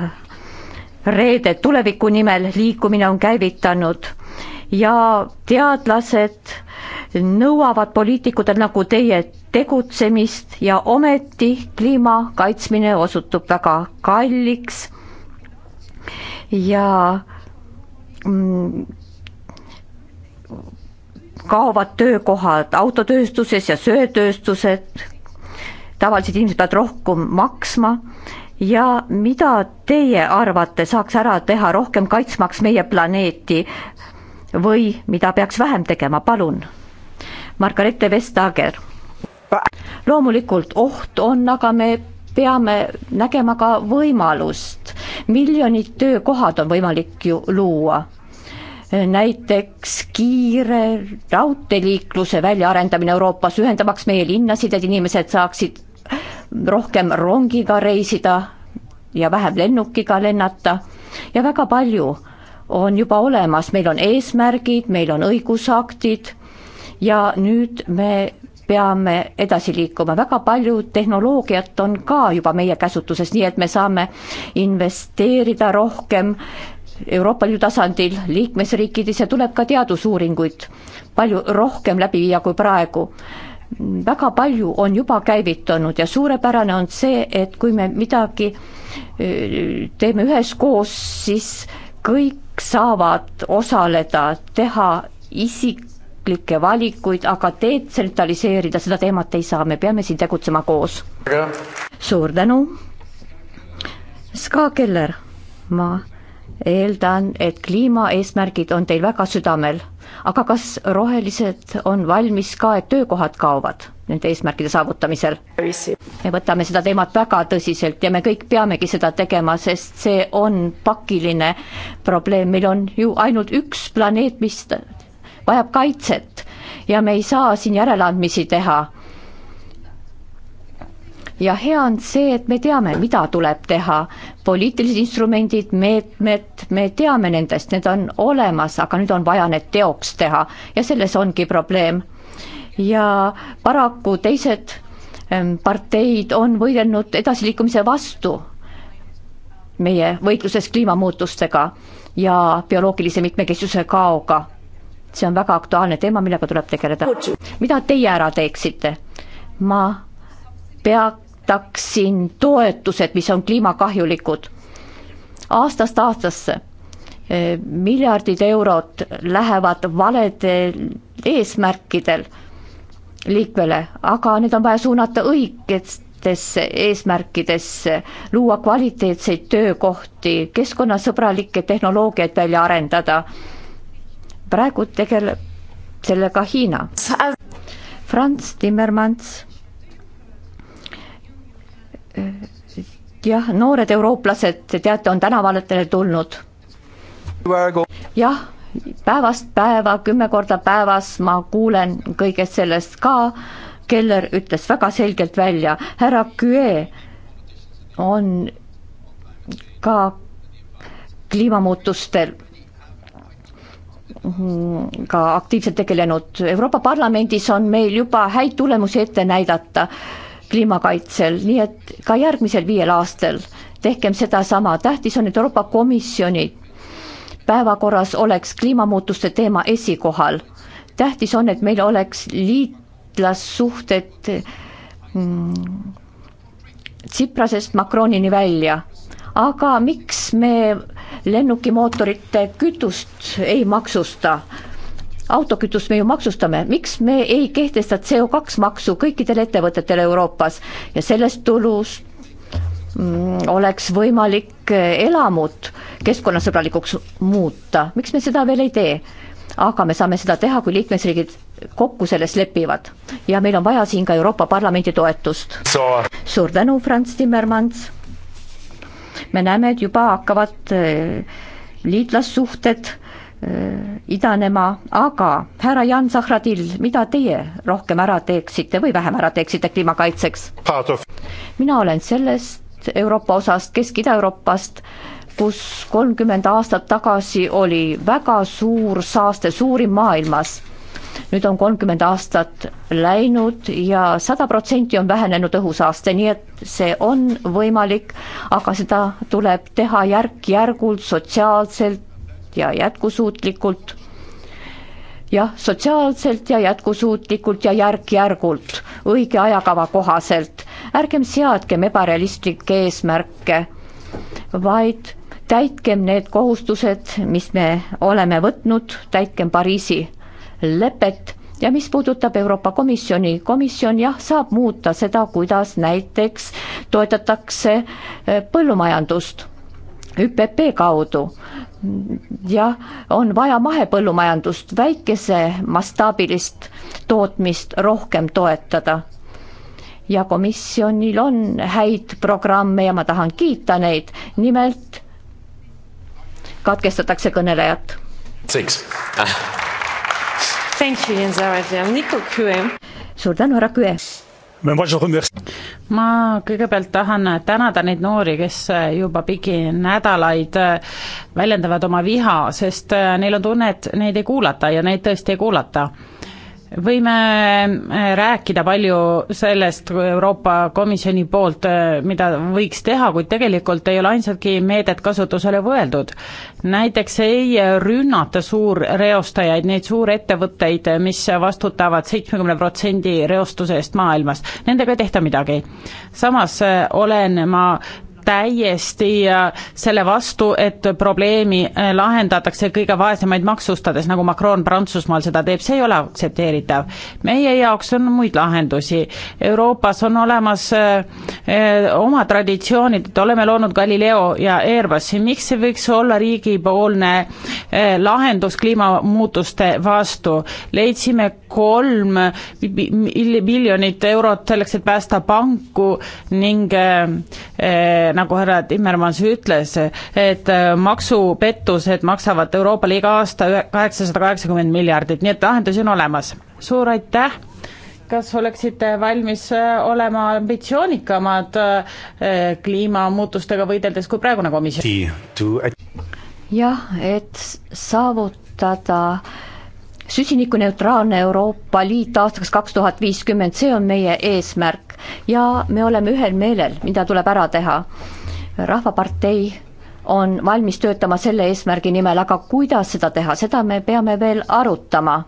Reede tuleviku nimel liikumine on käivitanud ja teadlased nõuavad poliitikutel nagu teie tegutsemist ja ometi kliima kaitsmine osutub väga kalliks ja Mm, kaovad töökohad autotööstuses ja söetööstused, tavalised inimesed peavad rohkem maksma ja mida teie arvate, saaks ära teha rohkem kaitsmaks meie planeeti või mida peaks vähem tegema, palun? Margarethe Vestager. loomulikult oht on, aga me peame nägema ka võimalust, miljonid töökohad on võimalik ju luua näiteks kiire raudteeliikluse väljaarendamine Euroopas, ühendamaks meie linnasid, et inimesed saaksid rohkem rongiga reisida ja vähem lennukiga lennata ja väga palju on juba olemas, meil on eesmärgid, meil on õigusaktid ja nüüd me peame edasi liikuma, väga palju tehnoloogiat on ka juba meie käsutuses, nii et me saame investeerida rohkem Euroopa Liidu tasandil, liikmesriikides ja tuleb ka teadusuuringuid palju rohkem läbi viia kui praegu. väga palju on juba käivitunud ja suurepärane on see, et kui me midagi teeme üheskoos, siis kõik saavad osaleda, teha isik, isiklikke valikuid, aga detsentraliseerida seda teemat ei saa, me peame siin tegutsema koos. suur tänu. Ska Keller, ma eeldan, et kliimaeesmärgid on teil väga südamel, aga kas rohelised on valmis ka, et töökohad kaovad nende eesmärkide saavutamisel? me võtame seda teemat väga tõsiselt ja me kõik peamegi seda tegema, sest see on pakiline probleem, meil on ju ainult üks planeet, mis vajab kaitset ja me ei saa siin järeleandmisi teha. ja hea on see, et me teame, mida tuleb teha, poliitilised instrumendid, meetmed, me teame nendest, need on olemas, aga nüüd on vaja need teoks teha ja selles ongi probleem. ja paraku teised ähm, parteid on võidelnud edasiliikumise vastu meie võitluses kliimamuutustega ja bioloogilise mitmekesisuse kaoga see on väga aktuaalne teema, millega tuleb tegeleda. mida teie ära teeksite? ma peataksin toetused, mis on kliimakahjulikud, aastast aastasse. E, miljardid eurod lähevad valedel eesmärkidel liikvele, aga need on vaja suunata õigetesse eesmärkidesse, luua kvaliteetseid töökohti, keskkonnasõbralikke tehnoloogiaid välja arendada praegu tegeleb sellega Hiina. Franz Timmermans. jah, noored eurooplased, te teate, on tänavatele tulnud. jah, päevast päeva, kümme korda päevas ma kuulen kõigest sellest ka. Keller ütles väga selgelt välja, härra Küe on ka kliimamuutustel Mhm, ka aktiivselt tegelenud. Euroopa Parlamendis on meil juba häid tulemusi ette näidata kliimakaitsel, nii et ka järgmisel viiel aastal tehkem sedasama, tähtis on, et Euroopa Komisjoni päevakorras oleks kliimamuutuste teema esikohal. tähtis on, et meil oleks liitlassuhted mm, Tsiprasest Macronini välja aga miks me lennukimootorite kütust ei maksusta? autokütust me ju maksustame, miks me ei kehtesta CO2 maksu kõikidele ettevõtetele Euroopas ja sellest tulust mm, oleks võimalik elamut keskkonnasõbralikuks muuta, miks me seda veel ei tee? aga me saame seda teha, kui liikmesriigid kokku selles lepivad ja meil on vaja siin ka Euroopa Parlamendi toetust. suur tänu, Franz Timmermanns me näeme, et juba hakkavad eh, liitlassuhted eh, idanema, aga härra Jan Zahradil, mida teie rohkem ära teeksite või vähem ära teeksite kliima kaitseks? mina olen sellest Euroopa osast, Kesk-Ida-Euroopast, kus kolmkümmend aastat tagasi oli väga suur saaste, suurim maailmas nüüd on kolmkümmend aastat läinud ja sada protsenti on vähenenud õhusaaste, nii et see on võimalik, aga seda tuleb teha järk-järgult, sotsiaalselt ja jätkusuutlikult. jah, sotsiaalselt ja jätkusuutlikult ja järk-järgult, õige ajakava kohaselt. ärgem seadkem ebarealistlikke eesmärke, vaid täitkem need kohustused, mis me oleme võtnud, täitkem Pariisi lepet ja mis puudutab Euroopa Komisjoni, komisjon jah, saab muuta seda, kuidas näiteks toetatakse eh, põllumajandust ÜPP kaudu. jah, on vaja mahepõllumajandust, väikesemastaabilist tootmist rohkem toetada ja komisjonil on häid programme ja ma tahan kiita neid, nimelt katkestatakse kõnelejat suur tänu, härra Küe! ma kõigepealt tahan tänada neid noori, kes juba pigi nädalaid äh, väljendavad oma viha, sest äh, neil on tunne, et neid ei kuulata ja neid tõesti ei kuulata võime äh, rääkida palju sellest Euroopa Komisjoni poolt, äh, mida võiks teha, kuid tegelikult ei ole ainsadki meedet kasutusele võeldud. näiteks ei rünnata suurreostajaid, neid suurettevõtteid, mis vastutavad seitsmekümne protsendi reostuse eest maailmas, nendega ei tehta midagi. samas äh, olen ma täiesti äh, selle vastu, et probleemi äh, lahendatakse kõige vaesemaid maksustades, nagu Macron Prantsusmaal seda teeb, see ei ole aktsepteeritav. meie jaoks on muid lahendusi. Euroopas on olemas äh, oma traditsioonid, et oleme loonud Galileo ja Airbusi, miks see võiks olla riigipoolne lahendus kliimamuutuste vastu? leidsime kolm miljonit eurot selleks, et päästa panku ning nagu härra Timmermans ütles, et äh, maksupettused maksavad Euroopale iga aasta kaheksasada kaheksakümmend miljardit, nii et lahendusi on olemas. suur aitäh! kas oleksite valmis äh, olema ambitsioonikamad äh, kliimamuutustega võideldes kui praegune komisjon? jah, et saavutada süsinikuneutraalne Euroopa Liit aastaks kaks tuhat viiskümmend, see on meie eesmärk ja me oleme ühel meelel, mida tuleb ära teha. rahvapartei on valmis töötama selle eesmärgi nimel, aga kuidas seda teha, seda me peame veel arutama.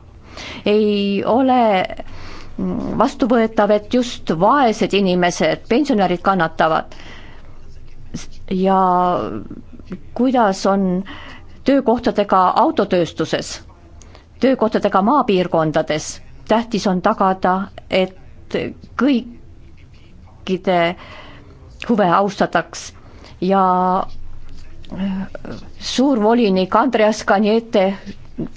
ei ole vastuvõetav, et just vaesed inimesed, pensionärid kannatavad ja kuidas on töökohtadega autotööstuses, töökohtadega maapiirkondades, tähtis on tagada, et kõik kõikide huve austataks ja äh, suur volinik Andreas Kaniete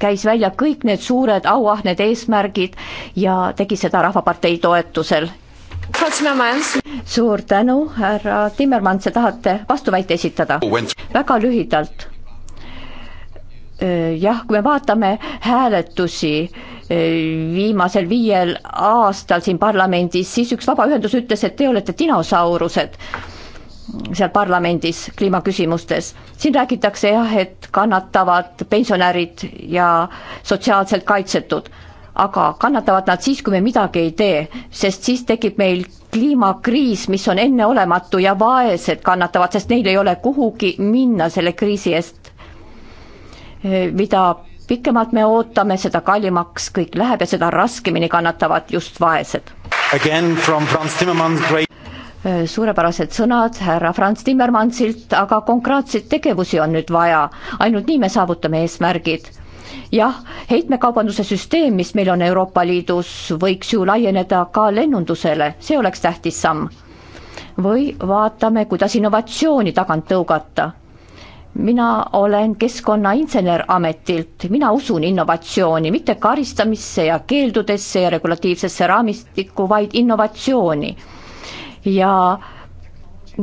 käis välja kõik need suured auahned eesmärgid ja tegi seda Rahvapartei toetusel. suur tänu, härra Timmermann, te tahate vastuväite esitada? väga lühidalt. Äh, jah, kui me vaatame hääletusi, viimasel viiel aastal siin parlamendis, siis üks vabaühendus ütles, et te olete dinosaurused seal parlamendis kliimaküsimustes. siin räägitakse jah, et kannatavad pensionärid ja sotsiaalselt kaitsetud, aga kannatavad nad siis, kui me midagi ei tee, sest siis tekib meil kliimakriis, mis on enneolematu ja vaesed kannatavad, sest neil ei ole kuhugi minna selle kriisi eest, eh, mida pikemalt me ootame, seda kallimaks kõik läheb ja seda raskemini kannatavad just vaesed. Great... suurepärased sõnad härra Franz Timmermansilt, aga konkreetseid tegevusi on nüüd vaja, ainult nii me saavutame eesmärgid jah, heitmekaubanduse süsteem, mis meil on Euroopa Liidus, võiks ju laieneda ka lennundusele, see oleks tähtis samm. või vaatame, kuidas innovatsiooni tagant tõugata mina olen keskkonnainsener ametilt, mina usun innovatsiooni, mitte karistamisse ja keeldudesse ja regulatiivsesse raamistikku, vaid innovatsiooni. ja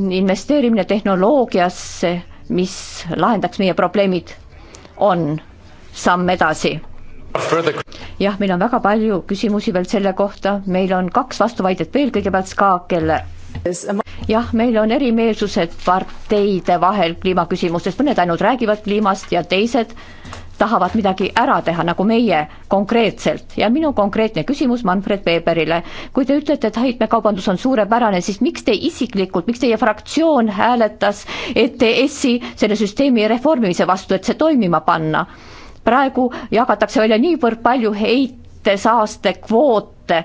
investeerimine tehnoloogiasse, mis lahendaks meie probleemid, on samm edasi. jah, meil on väga palju küsimusi veel selle kohta, meil on kaks vastuväidet veel, kõigepealt SKA, kelle jah, meil on erimeelsused parteide vahel kliimaküsimustes, mõned ainult räägivad kliimast ja teised tahavad midagi ära teha, nagu meie konkreetselt ja minu konkreetne küsimus Manfred Weberile. kui te ütlete, et heitmekaubandus on suurepärane, siis miks te isiklikult, miks teie fraktsioon hääletas ETS-i selle süsteemi reformimise vastu, et see toimima panna? praegu jagatakse välja niivõrd palju heitesaastekvoote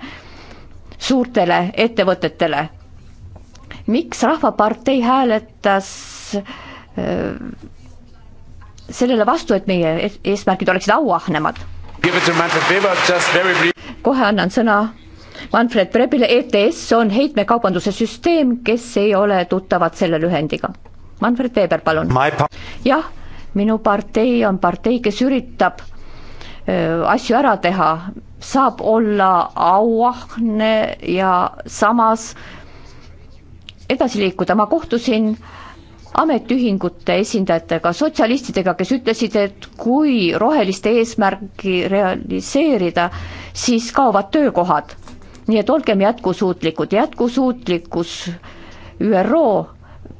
suurtele ettevõtetele miks Rahvapartei hääletas äh, sellele vastu, et meie eesmärgid oleksid auahnemad? kohe annan sõna Manfred Brebile, ETS on heitmekaubanduse süsteem, kes ei ole tuttavad selle lühendiga. Manfred Weber, palun. jah, minu partei on partei, kes üritab öö, äh, asju ära teha, saab olla auahne ja samas öö, edasi liikuda, ma kohtusin ametiühingute esindajatega, sotsialistidega, kes ütlesid, et kui roheliste eesmärki realiseerida, siis kaovad töökohad. nii et olgem jätkusuutlikud, jätkusuutlikkus ÜRO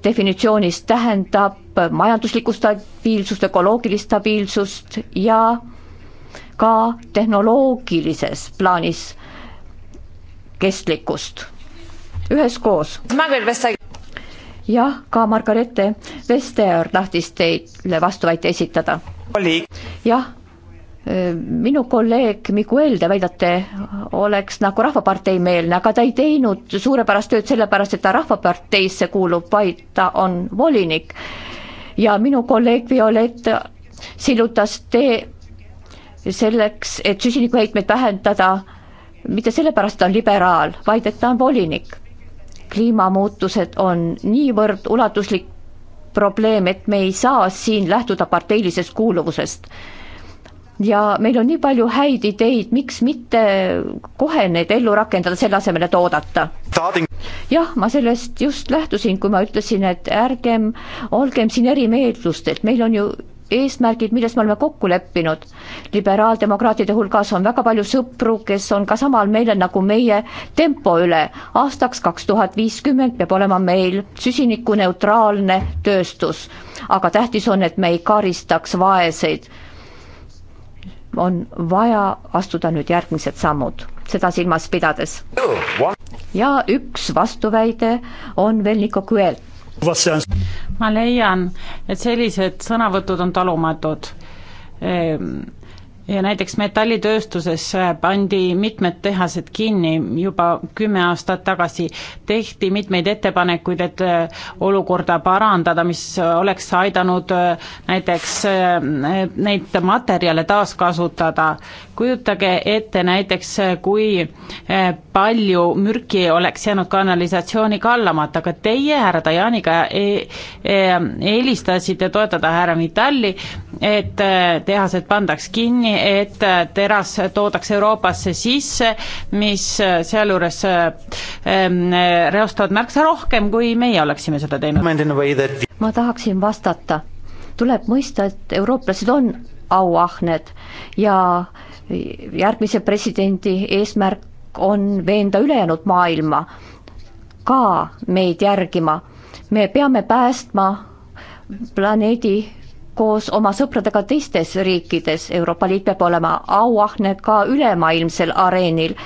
definitsioonis tähendab majanduslikku stabiilsust, ökoloogilist stabiilsust ja ka tehnoloogilises plaanis kestlikkust üheskoos. jah, ka Margareete Vester tahtis teile vastuväite esitada. jah, e, minu kolleeg Miguel, te väidate, oleks nagu Rahvapartei meelne, aga ta ei teinud suurepärast tööd sellepärast, et ta Rahvaparteisse kuulub, vaid ta on volinik. ja minu kolleeg Violetta sillutas tee selleks, et süsinikuheitmeid vähendada, mitte sellepärast, et ta on liberaal, vaid et ta on volinik kliimamuutused on niivõrd ulatuslik probleem, et me ei saa siin lähtuda parteilisest kuuluvusest. ja meil on nii palju häid ideid, miks mitte kohe need ellu rakendada, selle asemel, et oodata. jah, ma sellest just lähtusin, kui ma ütlesin, et ärgem olgem siin erimeelsustelt, meil on ju eesmärgid, milles me oleme kokku leppinud. liberaaldemokraatide hulgas on väga palju sõpru, kes on ka samal meelel nagu meie tempo üle. aastaks kaks tuhat viiskümmend peab olema meil süsinikuneutraalne tööstus. aga tähtis on, et me ei karistaks vaeseid. on vaja astuda nüüd järgmised sammud, seda silmas pidades. Oh, ja üks vastuväide on veel Niko Kuelt ma leian, et sellised sõnavõtud on talumatud ehm, ja näiteks metallitööstuses pandi mitmed tehased kinni juba kümme aastat tagasi, tehti mitmeid ettepanekuid, et äh, olukorda parandada, mis oleks aidanud äh, näiteks äh, neid materjale taaskasutada. kujutage ette näiteks, kui palju mürki oleks jäänud kanalisatsiooni kallamata, aga teie härra Tajaniga e, e, eelistasite toetada härra Vitali, et tehased pandaks kinni, et äh, teras toodaks Euroopasse sisse, mis äh, sealjuures äh, ähm, reostavad märksa rohkem, kui meie oleksime seda teinud. ma tahaksin vastata, tuleb mõista, et eurooplased on auahned ja järgmise presidendi eesmärk on veenda ülejäänud maailma ka meid järgima. me peame päästma planeedi koos oma sõpradega teistes riikides, Euroopa Liit peab olema auahne ka ülemaailmsel areenil,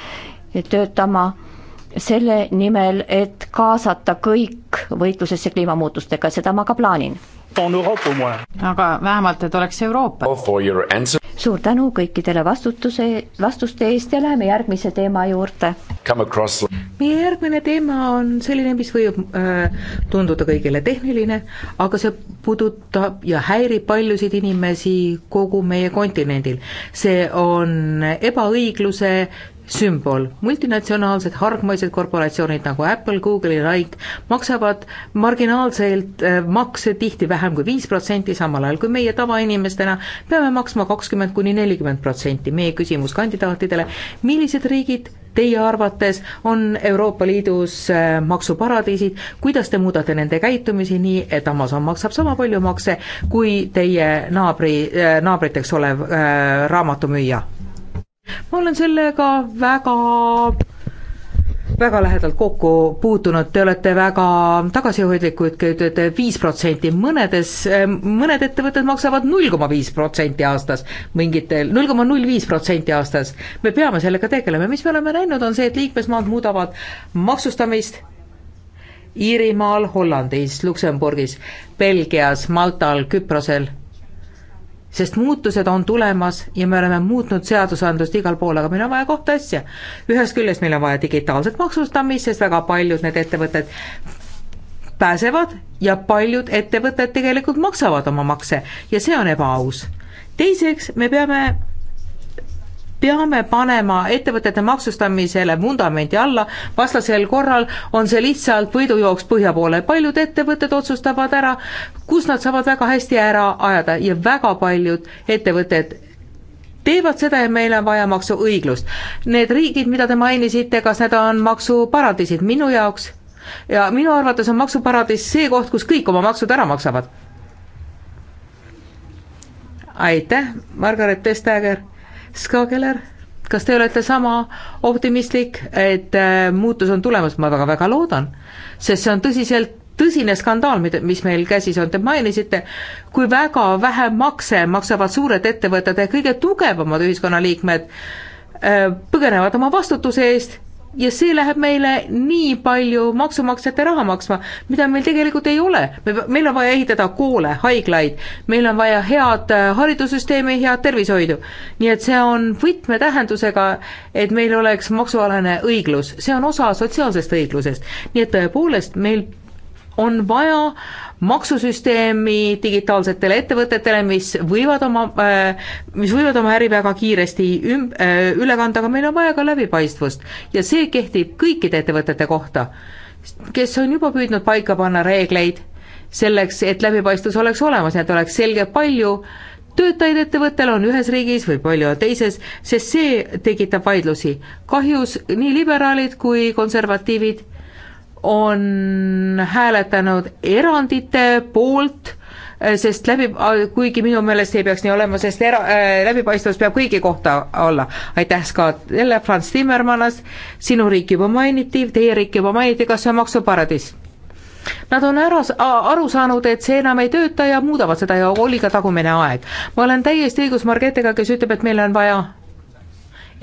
töötama selle nimel, et kaasata kõik võitlusesse kliimamuutustega, seda ma ka plaanin aga vähemalt, et oleks Euroopa. suur tänu kõikidele vastutuse, vastuste eest ja läheme järgmise teema juurde. meie järgmine teema on selline, mis võib äh, tunduda kõigile tehniline, aga see puudutab ja häirib paljusid inimesi kogu meie kontinendil. see on ebaõigluse sümbol. multinatsionaalsed hargmaised korporatsioonid nagu Apple, Google ja Nike maksavad marginaalselt äh, makse tihti vähem kui viis protsenti, samal ajal kui meie tavainimestena peame maksma kakskümmend kuni nelikümmend protsenti. meie küsimus kandidaatidele, millised riigid teie arvates on Euroopa Liidus äh, maksuparadiisid, kuidas te muudate nende käitumisi nii, et Amazon maksab sama palju makse kui teie naabri, äh, naabriteks olev äh, raamatumüüja? ma olen sellega väga väga lähedalt kokku puutunud, te olete väga tagasihoidlikud, ütlete viis protsenti, mõnedes, mõned ettevõtted maksavad null koma viis protsenti aastas, mingitel null koma null viis protsenti aastas. me peame sellega tegelema, mis me oleme näinud, on see, et liikmesmaad muudavad maksustamist Iirimaal, Hollandis, Luksemburgis, Belgias, Maltal, Küprosel sest muutused on tulemas ja me oleme muutnud seadusandlust igal pool, aga meil on vaja kohta asja. ühest küljest meil on vaja digitaalset maksustamist, sest väga paljud need ettevõtted pääsevad ja paljud ettevõtted tegelikult maksavad oma makse ja see on ebaaus. teiseks, me peame peame panema ettevõtete maksustamisele vundamendi alla, vastasel korral on see lihtsalt võidujooks põhja poole. paljud ettevõtted otsustavad ära, kus nad saavad väga hästi ära ajada ja väga paljud ettevõtted teevad seda ja meil on vaja maksuõiglust. Need riigid, mida te mainisite, kas need on maksuparadiisid? minu jaoks ja minu arvates on maksuparadiis see koht, kus kõik oma maksud ära maksavad. aitäh, Margaret Vestager Ska Keller, kas te olete sama optimistlik, et äh, muutus on tulemas, ma väga-väga loodan, sest see on tõsiselt tõsine skandaal, mida, mis meil käsis on, te mainisite, kui väga vähe makse maksavad suured ettevõtted ja kõige tugevamad ühiskonnaliikmed äh, põgenevad oma vastutuse eest ja see läheb meile nii palju maksumaksjate raha maksma, mida meil tegelikult ei ole. me, meil on vaja ehitada koole, haiglaid, meil on vaja head äh, haridussüsteemi, head tervishoidu. nii et see on võtmetähendusega, et meil oleks maksualane õiglus, see on osa sotsiaalsest õiglusest. nii et tõepoolest, meil on vaja maksusüsteemi digitaalsetele ettevõtetele, mis võivad oma, äh, mis võivad oma äri väga kiiresti üm-, äh, üle kanda, aga meil on vaja ka läbipaistvust. ja see kehtib kõikide ettevõtete kohta, kes on juba püüdnud paika panna reegleid selleks, et läbipaistvus oleks olemas, et oleks selge, palju töötajaid ettevõttel on ühes riigis või palju on teises, sest see tekitab vaidlusi. kahjus nii liberaalid kui konservatiivid on hääletanud erandite poolt, sest läbi, kuigi minu meelest ei peaks nii olema, sest era- äh,, läbipaistvus peab kõigi kohta olla. aitäh, Scott, jälle Franz Timmermannas, sinu riiki juba mainiti, teie riiki juba mainiti, kas see on maksuparadiis? Nad on ära, aru saanud, et see enam ei tööta ja muudavad seda ja oli ka tagumine aeg. ma olen täiesti õigus Margetega, kes ütleb, et meil on vaja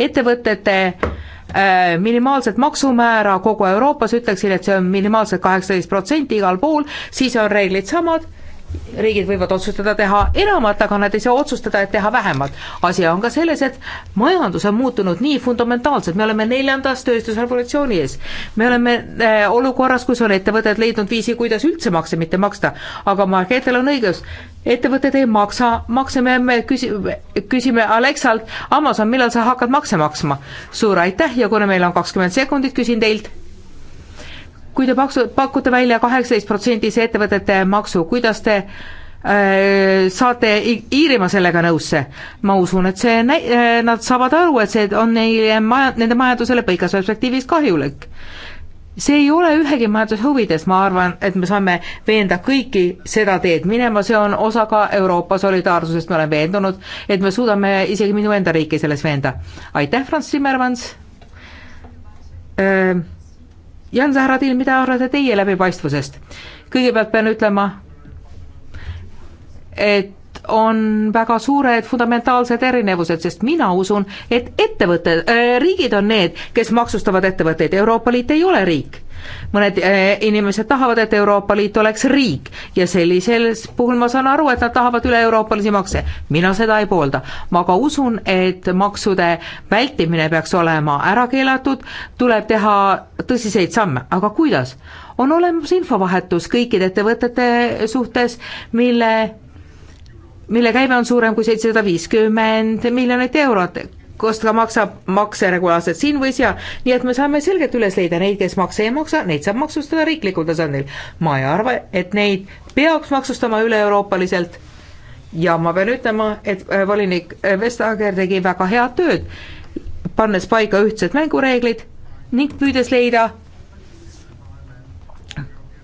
ettevõtete äh, minimaalset maksumäära kogu Euroopas, ütleksin, et see on minimaalselt kaheksateist protsenti igal pool, siis on reeglid samad riigid võivad otsustada teha enamat, aga nad ei saa otsustada, et teha vähemat. asi on ka selles, et majandus on muutunud nii fundamentaalselt, me oleme neljandas tööstusrevolutsiooni ees. me oleme äh, olukorras, kus on ettevõtted leidnud viisi, kuidas üldse makse mitte maksta, aga Margetel on õigus, ettevõtted ei maksa makse, me küsi-, küsime Alexalt, Amazon, millal sa hakkad makse maksma? suur aitäh ja kuna meil on kakskümmend sekundit, küsin teilt kui te paksu, pakute välja kaheksateist protsendise ettevõtete maksu, kuidas te äh, saate Iirimaa sellega nõusse, ma usun, et see, äh, nad saavad aru, et see on neile maja, nende majandusele pikas perspektiivis kahjulik. see ei ole ühegi majanduse huvides, ma arvan, et me saame veenda kõiki seda teed minema, see on osa ka Euroopa solidaarsusest, ma olen veendunud, et me suudame isegi minu enda riiki selles veenda. aitäh, Franz Timmermans äh,! Jan Zahradil, mida arvate teie läbipaistvusest? kõigepealt pean ütlema, et on väga suured fundamentaalsed erinevused, sest mina usun, et ettevõtted äh,, riigid on need, kes maksustavad ettevõtteid, Euroopa Liit ei ole riik. mõned äh, inimesed tahavad, et Euroopa Liit oleks riik ja sellisel puhul ma saan aru, et nad tahavad üle-euroopalisi makse. mina seda ei poolda. ma ka usun, et maksude vältimine peaks olema ära keelatud, tuleb teha tõsiseid samme, aga kuidas? on olemas infovahetus kõikide ettevõtete suhtes, mille mille käive on suurem kui seitsesada viiskümmend miljonit eurot, kas ta maksab makse regulaarselt siin või seal, nii et me saame selgelt üles leida neid, kes makse ei maksa, neid saab maksustada riiklikul tasandil. ma ei arva, et neid peaks maksustama üle-euroopaliselt ja ma pean ütlema, et äh, volinik äh, Vestager tegi väga head tööd, pannes paika ühtsed mängureeglid ning püüdes leida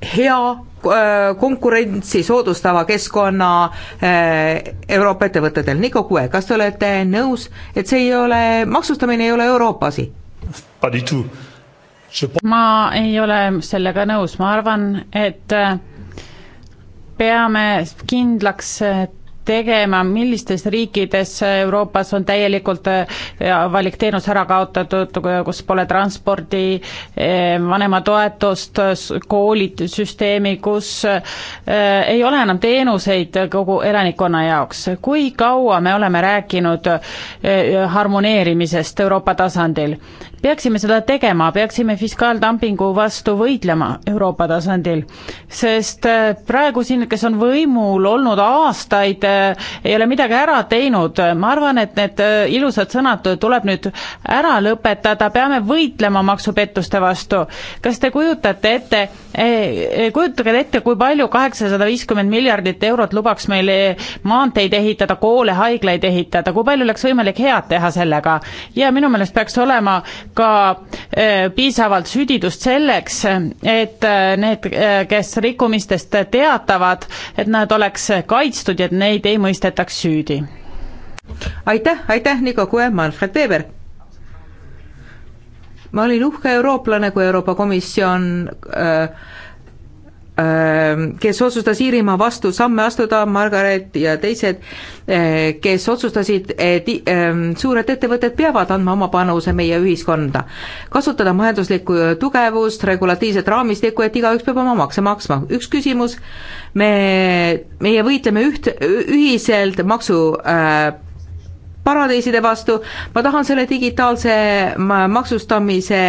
hea äh, konkurentsi soodustava keskkonna äh, Euroopa ettevõtetel. Niko Kue, kas te olete nõus, et see ei ole, maksustamine ei ole Euroopa asi? ma ei ole sellega nõus, ma arvan, et äh, peame kindlaks tegema, millistes riikides Euroopas on täielikult eh, avalik teenus ära kaotatud, kus pole transpordi, eh, vanematoetust, koolid, süsteemi, kus eh, ei ole enam teenuseid kogu elanikkonna jaoks. kui kaua me oleme rääkinud harmoneerimisest Euroopa tasandil? peaksime seda tegema, peaksime fiskaaldumpingu vastu võitlema Euroopa tasandil, sest äh, praegu siin, kes on võimul olnud aastaid, äh, ei ole midagi ära teinud, ma arvan, et need äh, ilusad sõnad tuleb nüüd ära lõpetada, peame võitlema maksupettuste vastu. kas te kujutate ette, kujutage ette, kui palju kaheksasada viiskümmend miljardit eurot lubaks meil maanteid ehitada, koole, haiglaid ehitada, kui palju oleks võimalik head teha sellega ja minu meelest peaks olema ka eh, piisavalt südidust selleks, et eh, need, eh, kes rikkumistest teatavad, et nad oleks kaitstud ja et neid ei mõistetaks süüdi. aitäh, aitäh, Niko Kue, Manfred Weber! ma olin uhke eurooplane, kui Euroopa Komisjon äh, Ehm, kes otsustas Iirimaa vastu samme astuda, Margaret ja teised, eh, kes otsustasid, et ehm, suured ettevõtted peavad andma oma panuse meie ühiskonda. kasutada majanduslikku tugevust, regulatiivset raamistikku, et igaüks peab oma makse maksma. üks küsimus, me, meie võitleme üht, ühiselt maksu äh, paradiiside vastu, ma tahan selle digitaalse maksustamise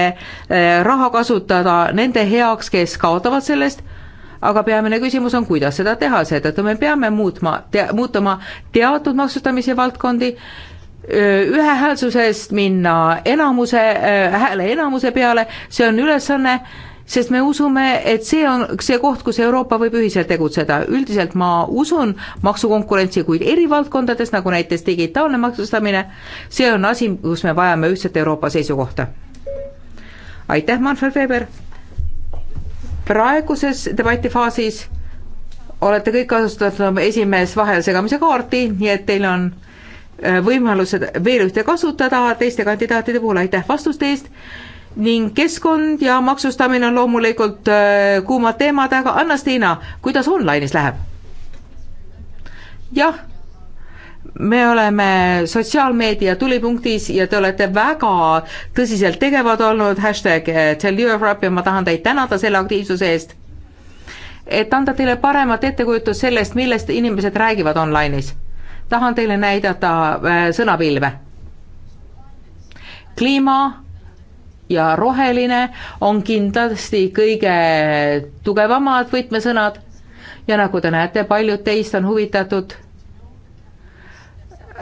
eh, raha kasutada nende heaks, kes kaotavad sellest aga peamine küsimus on, kuidas seda teha, seetõttu me peame muutma te,, muutuma teatud maksustamise valdkondi, ühehäälsusest minna enamuse äh,, hääle enamuse peale, see on ülesanne, sest me usume, et see on see koht, kus Euroopa võib ühiselt tegutseda. üldiselt ma usun maksukonkurentsi, kuid eri valdkondades, nagu näiteks digitaalne maksustamine, see on asi, kus me vajame ühtset Euroopa seisukohta. aitäh, Manfred Weber! praeguses debatifaasis olete kõik kasutanud oma esimees vahel segamise kaarti, nii et teil on äh, võimalused veel ühte kasutada teiste kandidaatide puhul, aitäh vastuste eest, ning keskkond ja maksustamine on loomulikult äh, kuumad teemad, aga Anna-Stiina, kuidas online'is läheb? jah me oleme sotsiaalmeedia tulipunktis ja te olete väga tõsiselt tegevad olnud, hashtag eh, Tell Europe ja ma tahan teid tänada selle aktiivsuse eest, et anda teile paremat ettekujutust sellest, millest inimesed räägivad online'is. tahan teile näidata eh, sõnapilve. kliima ja roheline on kindlasti kõige tugevamad võtmesõnad ja nagu te näete, paljud teist on huvitatud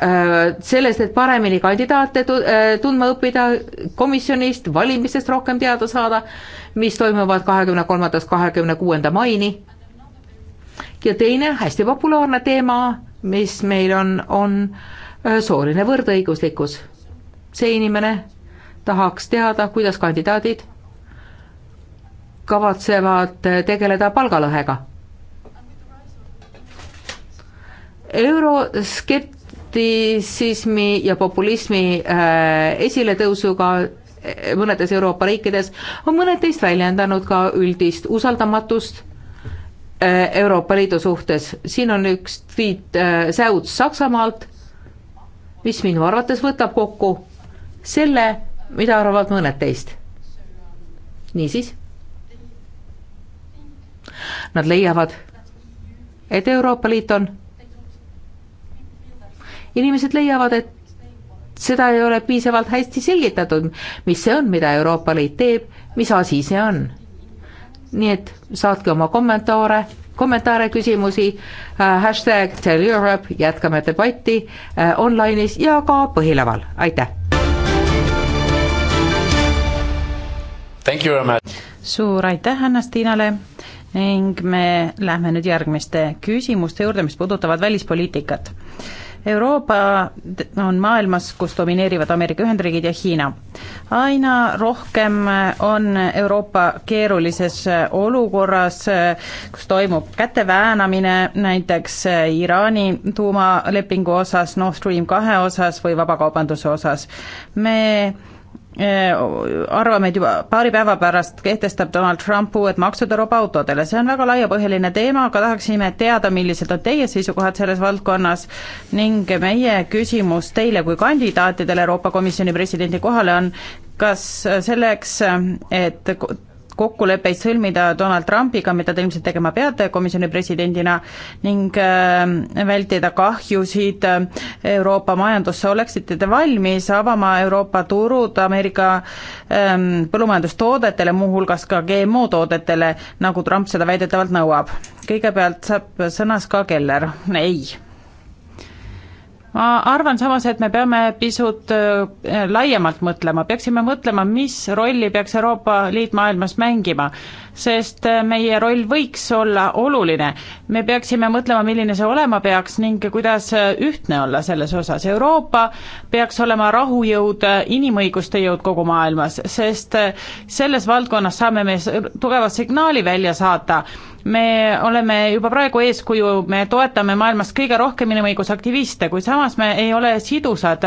Äh, sellest, et paremini kandidaate äh, tundma õppida, komisjonist, valimistest rohkem teada saada, mis toimuvad kahekümne kolmandast kahekümne kuuenda maini. ja teine hästi populaarne teema, mis meil on, on äh, sooline võrdõiguslikkus. see inimene tahaks teada, kuidas kandidaadid kavatsevad tegeleda palgalõhega. euroskep-, skeptisismi ja populismi äh, esiletõusuga äh, mõnedes Euroopa riikides, on mõned teist väljendanud ka üldist usaldamatust äh, Euroopa Liidu suhtes. siin on üks tweet säuts Saksamaalt, mis minu arvates võtab kokku selle, mida arvavad mõned teist. niisiis. Nad leiavad, et Euroopa Liit on inimesed leiavad, et seda ei ole piisavalt hästi selgitatud, mis see on, mida Euroopa Liit teeb, mis asi see on. nii et saatke oma kommentaare, kommentaare, küsimusi äh,, hashtag Tell Europe, jätkame debatti äh, online'is ja ka põhilaval, aitäh! suur aitäh Anna-Stiinale ning me lähme nüüd järgmiste küsimuste juurde, mis puudutavad välispoliitikat Euroopa on maailmas, kus domineerivad Ameerika Ühendriigid ja Hiina. aina rohkem on Euroopa keerulises olukorras, kus toimub käte väänamine näiteks Iraani tuumalepingu osas, Nord Stream kahe osas või vabakaubanduse osas. me Eh, arvame, et juba paari päeva pärast kehtestab Donald Trump uued maksud Euroopa autodele, see on väga laiapõhjaline teema, aga tahaksime teada, millised on teie seisukohad selles valdkonnas ning meie küsimus teile kui kandidaatidele Euroopa Komisjoni presidendi kohale on, kas selleks, et kokkuleppeid sõlmida Donald Trumpiga, mida te ilmselt tegema peate komisjoni presidendina, ning äh, vältida kahjusid äh, Euroopa majandusse, oleksite te valmis avama Euroopa turud Ameerika ähm, põllumajandustoodetele, muuhulgas ka GMO-toodetele, nagu Trump seda väidetavalt nõuab? kõigepealt saab sõnas ka Keller, ei ma arvan samas, et me peame pisut äh, laiemalt mõtlema, peaksime mõtlema, mis rolli peaks Euroopa Liit maailmas mängima sest äh, meie roll võiks olla oluline. me peaksime mõtlema, milline see olema peaks ning kuidas äh, ühtne olla selles osas. Euroopa peaks olema rahujõud, äh, inimõiguste jõud kogu maailmas, sest selles valdkonnas saame me tugeva signaali välja saata me oleme juba praegu eeskuju, me toetame maailmas kõige rohkem inimõigusaktiviste, kuid samas me ei ole sidusad.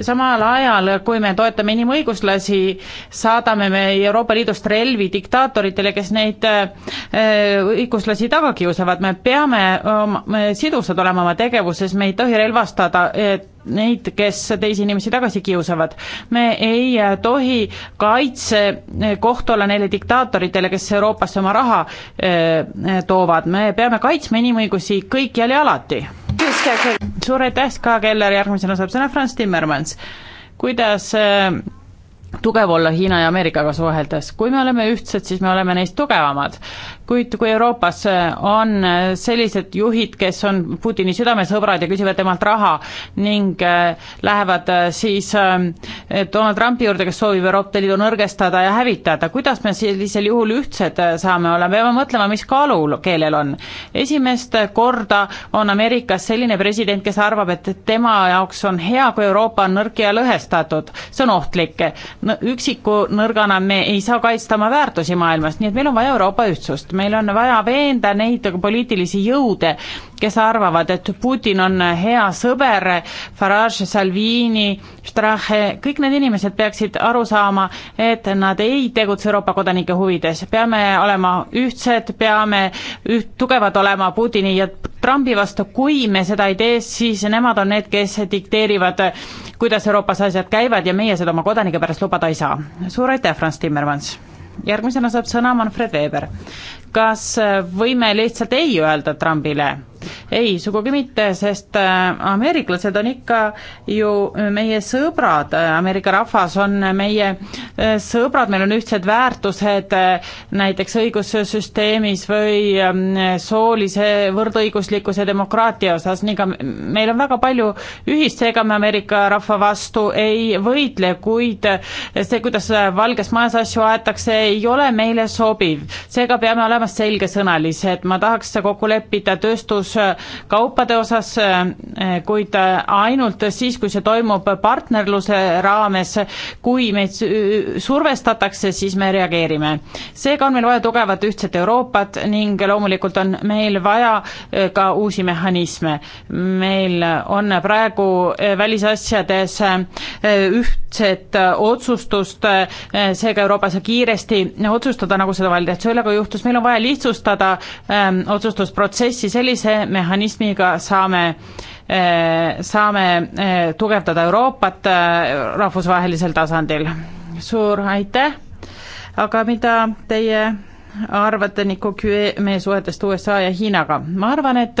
samal ajal, kui me toetame inimõiguslasi, saadame me Euroopa Liidust relvi diktaatoritele, kes neid äh, õiguslasi taga kiusavad, me peame oma, sidusad olema oma tegevuses, me ei tohi relvastada äh, neid, kes teisi inimesi tagasi kiusavad. me ei äh, tohi kaitsekoht olla neile diktaatoritele, kes Euroopasse oma raha toovad, me peame kaitsma inimõigusi kõikjal ja alati. suur aitäh, Ska Keller, järgmisena saab sõna Franz Timmermans. kuidas tugev olla Hiina ja Ameerikaga suheldes, kui me oleme ühtsed, siis me oleme neist tugevamad kuid kui Euroopas on sellised juhid, kes on Putini südamesõbrad ja küsivad temalt raha ning äh, lähevad äh, siis äh, Donald Trumpi juurde, kes soovib Euroopa Liidu nõrgestada ja hävitada, kuidas me sellisel juhul ühtsed saame olla, peame mõtlema, mis kaalul keelel on. esimest korda on Ameerikas selline president, kes arvab, et tema jaoks on hea, kui Euroopa on nõrk ja lõhestatud, see on ohtlik. üksiku nõrgana me ei saa kaitsta oma väärtusi maailmas, nii et meil on vaja Euroopa ühtsust meil on vaja veenda neid poliitilisi jõude, kes arvavad, et Putin on hea sõber, Farage, Salvini, Strache, kõik need inimesed peaksid aru saama, et nad ei tegutse Euroopa kodanike huvides, peame olema ühtsed, peame üht-, tugevad olema Putini ja Trumpi vastu, kui me seda ei tee, siis nemad on need, kes dikteerivad, kuidas Euroopas asjad käivad ja meie seda oma kodanike pärast lubada ei saa. suur aitäh, Franz Timmermans! järgmisena saab sõna Manfred Weber kas äh, võime lihtsalt ei öelda Trumpile? ei, sugugi mitte, sest äh, ameeriklased on ikka ju meie sõbrad, Ameerika rahvas on meie äh, sõbrad, meil on ühtsed väärtused näiteks õigussüsteemis või ähm, soolise võrdõiguslikkuse demokraatia osas, nii ka meil on väga palju ühist, seega me Ameerika rahva vastu ei võitle, kuid see, kuidas Valges Majas asju aetakse, ei ole meile sobiv. seega peame olema olemas selgesõnalised, ma tahaks kokku leppida tööstuskaupade osas, eh, kuid ainult siis, kui see toimub partnerluse raames, kui meid survestatakse, siis me reageerime. seega on meil vaja tugevat ühtset Euroopat ning loomulikult on meil vaja eh, ka uusi mehhanisme. meil on praegu eh, välisasjades ühtset otsustust, seega Euroopa saab kiiresti otsustada, nagu seda Valdetsolega juhtus, meil on vaja lihtsustada ähm, otsustusprotsessi, sellise mehhanismiga saame äh, saame äh, tugevdada Euroopat äh, rahvusvahelisel tasandil. suur aitäh, aga mida teie arvate Nico Cue meie suhetest USA ja Hiinaga? ma arvan, et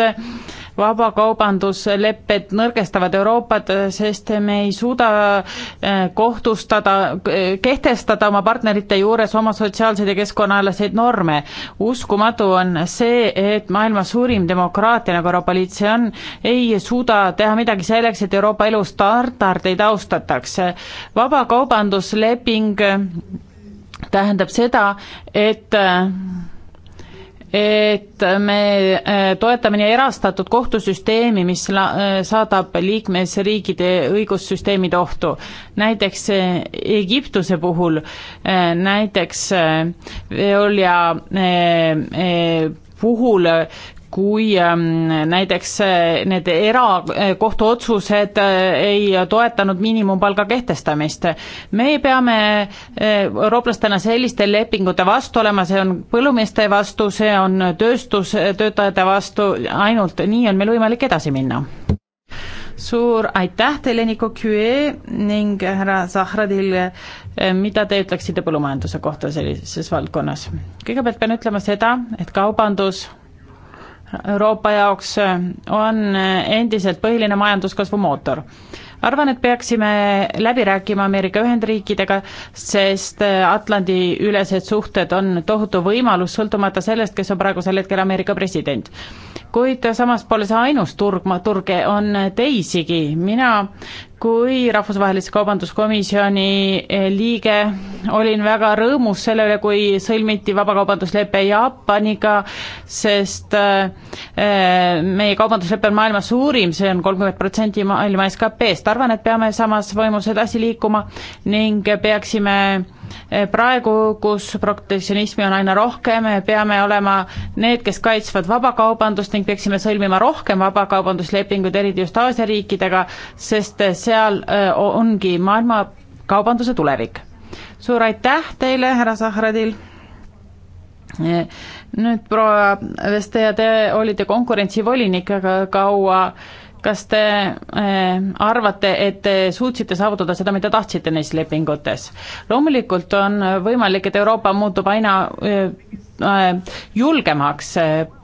vabakaubanduslepped nõrgestavad Euroopat, sest me ei suuda eh, kohtustada, eh, kehtestada oma partnerite juures oma sotsiaalseid ja keskkonnaalaseid norme. uskumatu on see, et maailma suurim demokraatia, nagu Euroopa Liit see on, ei suuda teha midagi selleks, et Euroopa elu standardeid austataks. vabakaubandusleping tähendab seda, et eh, et me äh, toetame nii erastatud kohtusüsteemi, mis la-, äh, saadab liikmesriigide õigussüsteemid ohtu. näiteks äh, Egiptuse puhul, näiteks Veolia puhul kui ähm, näiteks äh, need erakohtuotsused äh, ei toetanud miinimumpalga kehtestamist. me peame äh, eurooplastena selliste lepingute vastu olema, see on põllumeeste vastu, see on tööstustöötajate vastu, ainult nii on meil võimalik edasi minna. suur aitäh teile, Niko Kue ning härra Zahradil, mida te ütleksite põllumajanduse kohta sellises valdkonnas? kõigepealt pean ütlema seda, et kaubandus Euroopa jaoks äh, on äh, endiselt põhiline majanduskasvu mootor. arvan, et peaksime läbi rääkima Ameerika Ühendriikidega, sest äh, Atlandi-ülesed suhted on tohutu võimalus, sõltumata sellest, kes on praegusel hetkel Ameerika president. kuid samas pole see ainus turg, turge on teisigi, mina kui Rahvusvahelise Kaubanduskomisjoni eh, liige olin väga rõõmus selle üle, kui sõlmiti vabakaubanduslepe Jaapaniga, sest eh, eh, meie kaubanduslepe on maailma suurim, see on kolmkümmend protsenti maailma SKP-st, arvan, et peame samas vaimus edasi liikuma ning peaksime Eh, praegu, kus protektsionismi on aina rohkem, eh, peame olema need, kes kaitsvad vabakaubandust ning peaksime sõlmima rohkem vabakaubanduslepinguid, eriti just Aasia riikidega, sest eh, seal ongi maailmakaubanduse tulevik. suur aitäh teile, härra Sahradil! nüüd proua Vesteja, te olite konkurentsivolinik, aga kaua kas te eh, arvate, et te suutsite saavutada seda, mida tahtsite neis lepingutes? loomulikult on võimalik, et Euroopa muutub aina eh, eh, julgemaks,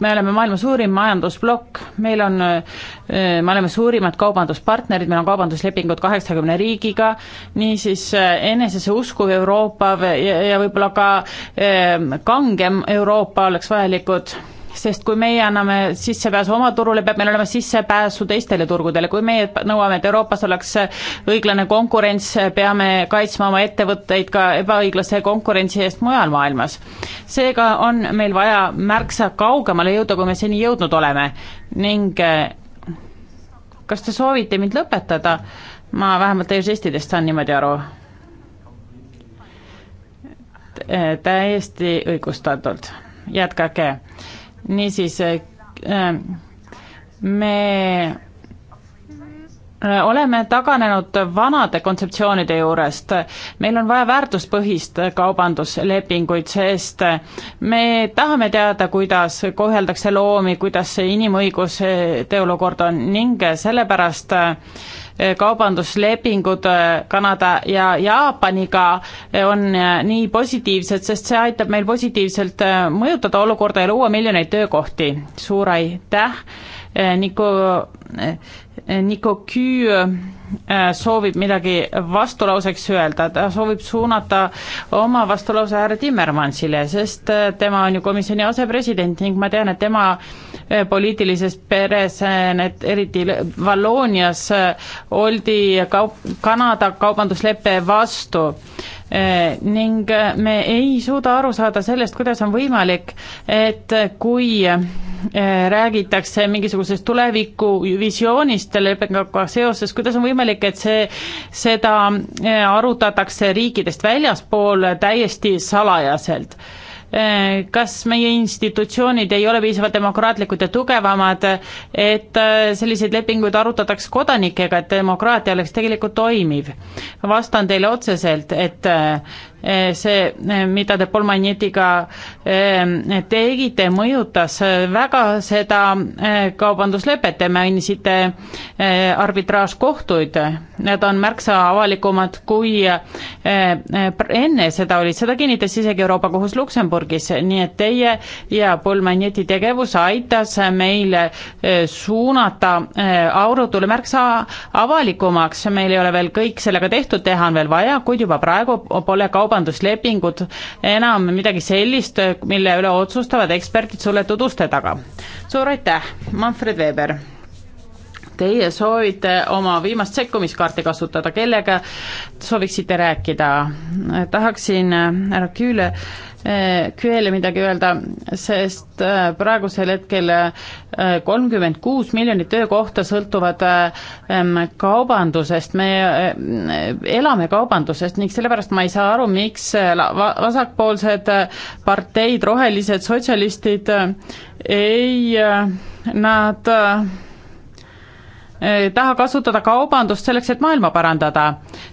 me oleme maailma suurim majandusplokk, meil on, me oleme suurimad kaubanduspartnerid, meil on kaubanduslepingud kaheksakümne riigiga, niisiis enesesse uskuv Euroopa ja, ja võib-olla ka kangem Euroopa oleks vajalikud sest kui meie anname sissepääsu oma turule, peab meil olema sissepääsu teistele turgudele, kui meie nõuame, et Euroopas oleks õiglane konkurents, peame kaitsma oma ettevõtteid ka ebaõiglase konkurentsi eest mujal maailmas. seega on meil vaja märksa kaugemale jõuda, kui me seni jõudnud oleme ning eh, kas te soovite mind lõpetada, ma vähemalt teie žestidest saan niimoodi aru eh, täiesti õigustatult. jätkake niisiis äh, me Äh, oleme taganenud vanade kontseptsioonide juurest, meil on vaja väärtuspõhist kaubanduslepinguid, sest me tahame teada, kuidas koheldakse loomi, kuidas see inimõiguste olukord on ning sellepärast äh, kaubanduslepingud äh, Kanada ja Jaapaniga on nii positiivsed, sest see aitab meil positiivselt mõjutada olukorda ja luua miljoneid töökohti. suur aitäh Eh, Niko, eh, Niko Küü eh, soovib midagi vastulauseks öelda, ta soovib suunata oma vastulause härra Timmermansile, sest tema on ju komisjoni asepresident ning ma tean, et tema Eh, poliitilises peres, eh, need eriti Valloonias eh, oldi kaup, Kanada kaubandusleppe vastu ning me ei suuda aru saada sellest, kuidas on võimalik, et kui räägitakse mingisugusest tulevikuvisioonist lepinguga seoses, kuidas on võimalik, et see, seda arutatakse riikidest väljaspool täiesti salajaselt Eh, kas meie institutsioonid ei ole piisavalt demokraatlikud ja tugevamad, et eh, selliseid lepinguid arutataks kodanikega, et demokraatia oleks tegelikult toimiv? vastan teile otseselt, et eh, Eh, see, eh, mida te Polmanetiga eh, tegite, mõjutas väga seda kaubanduslepet, te mainisite arbitraažkohtuid, need on märksa avalikumad kui enne seda olid, seda kinnitas isegi Euroopa Kohus Luksemburgis, nii et teie ja Polmaneti tegevus aitas meil suunata aurutule märksa avalikumaks, meil ei ole veel kõik sellega tehtud, teha on veel vaja, kuid juba praegu pole kaubandus kaubanduslepingud enam midagi sellist, mille üle otsustavad eksperdid suletud uste taga. suur aitäh, Manfred Weber. Teie soovite oma viimast sekkumiskaarti kasutada, kellega sooviksite rääkida? tahaksin äh, härra Küüle äh, QL-i eh, midagi öelda, sest eh, praegusel hetkel eh, kolmkümmend kuus miljonit töökohta sõltuvad kaubandusest, me elame kaubandusest ning sellepärast ma ei saa aru, miks vasakpoolsed parteid, rohelised, sotsialistid ei, nad Eh, taha kasutada kaubandust selleks, et maailma parandada.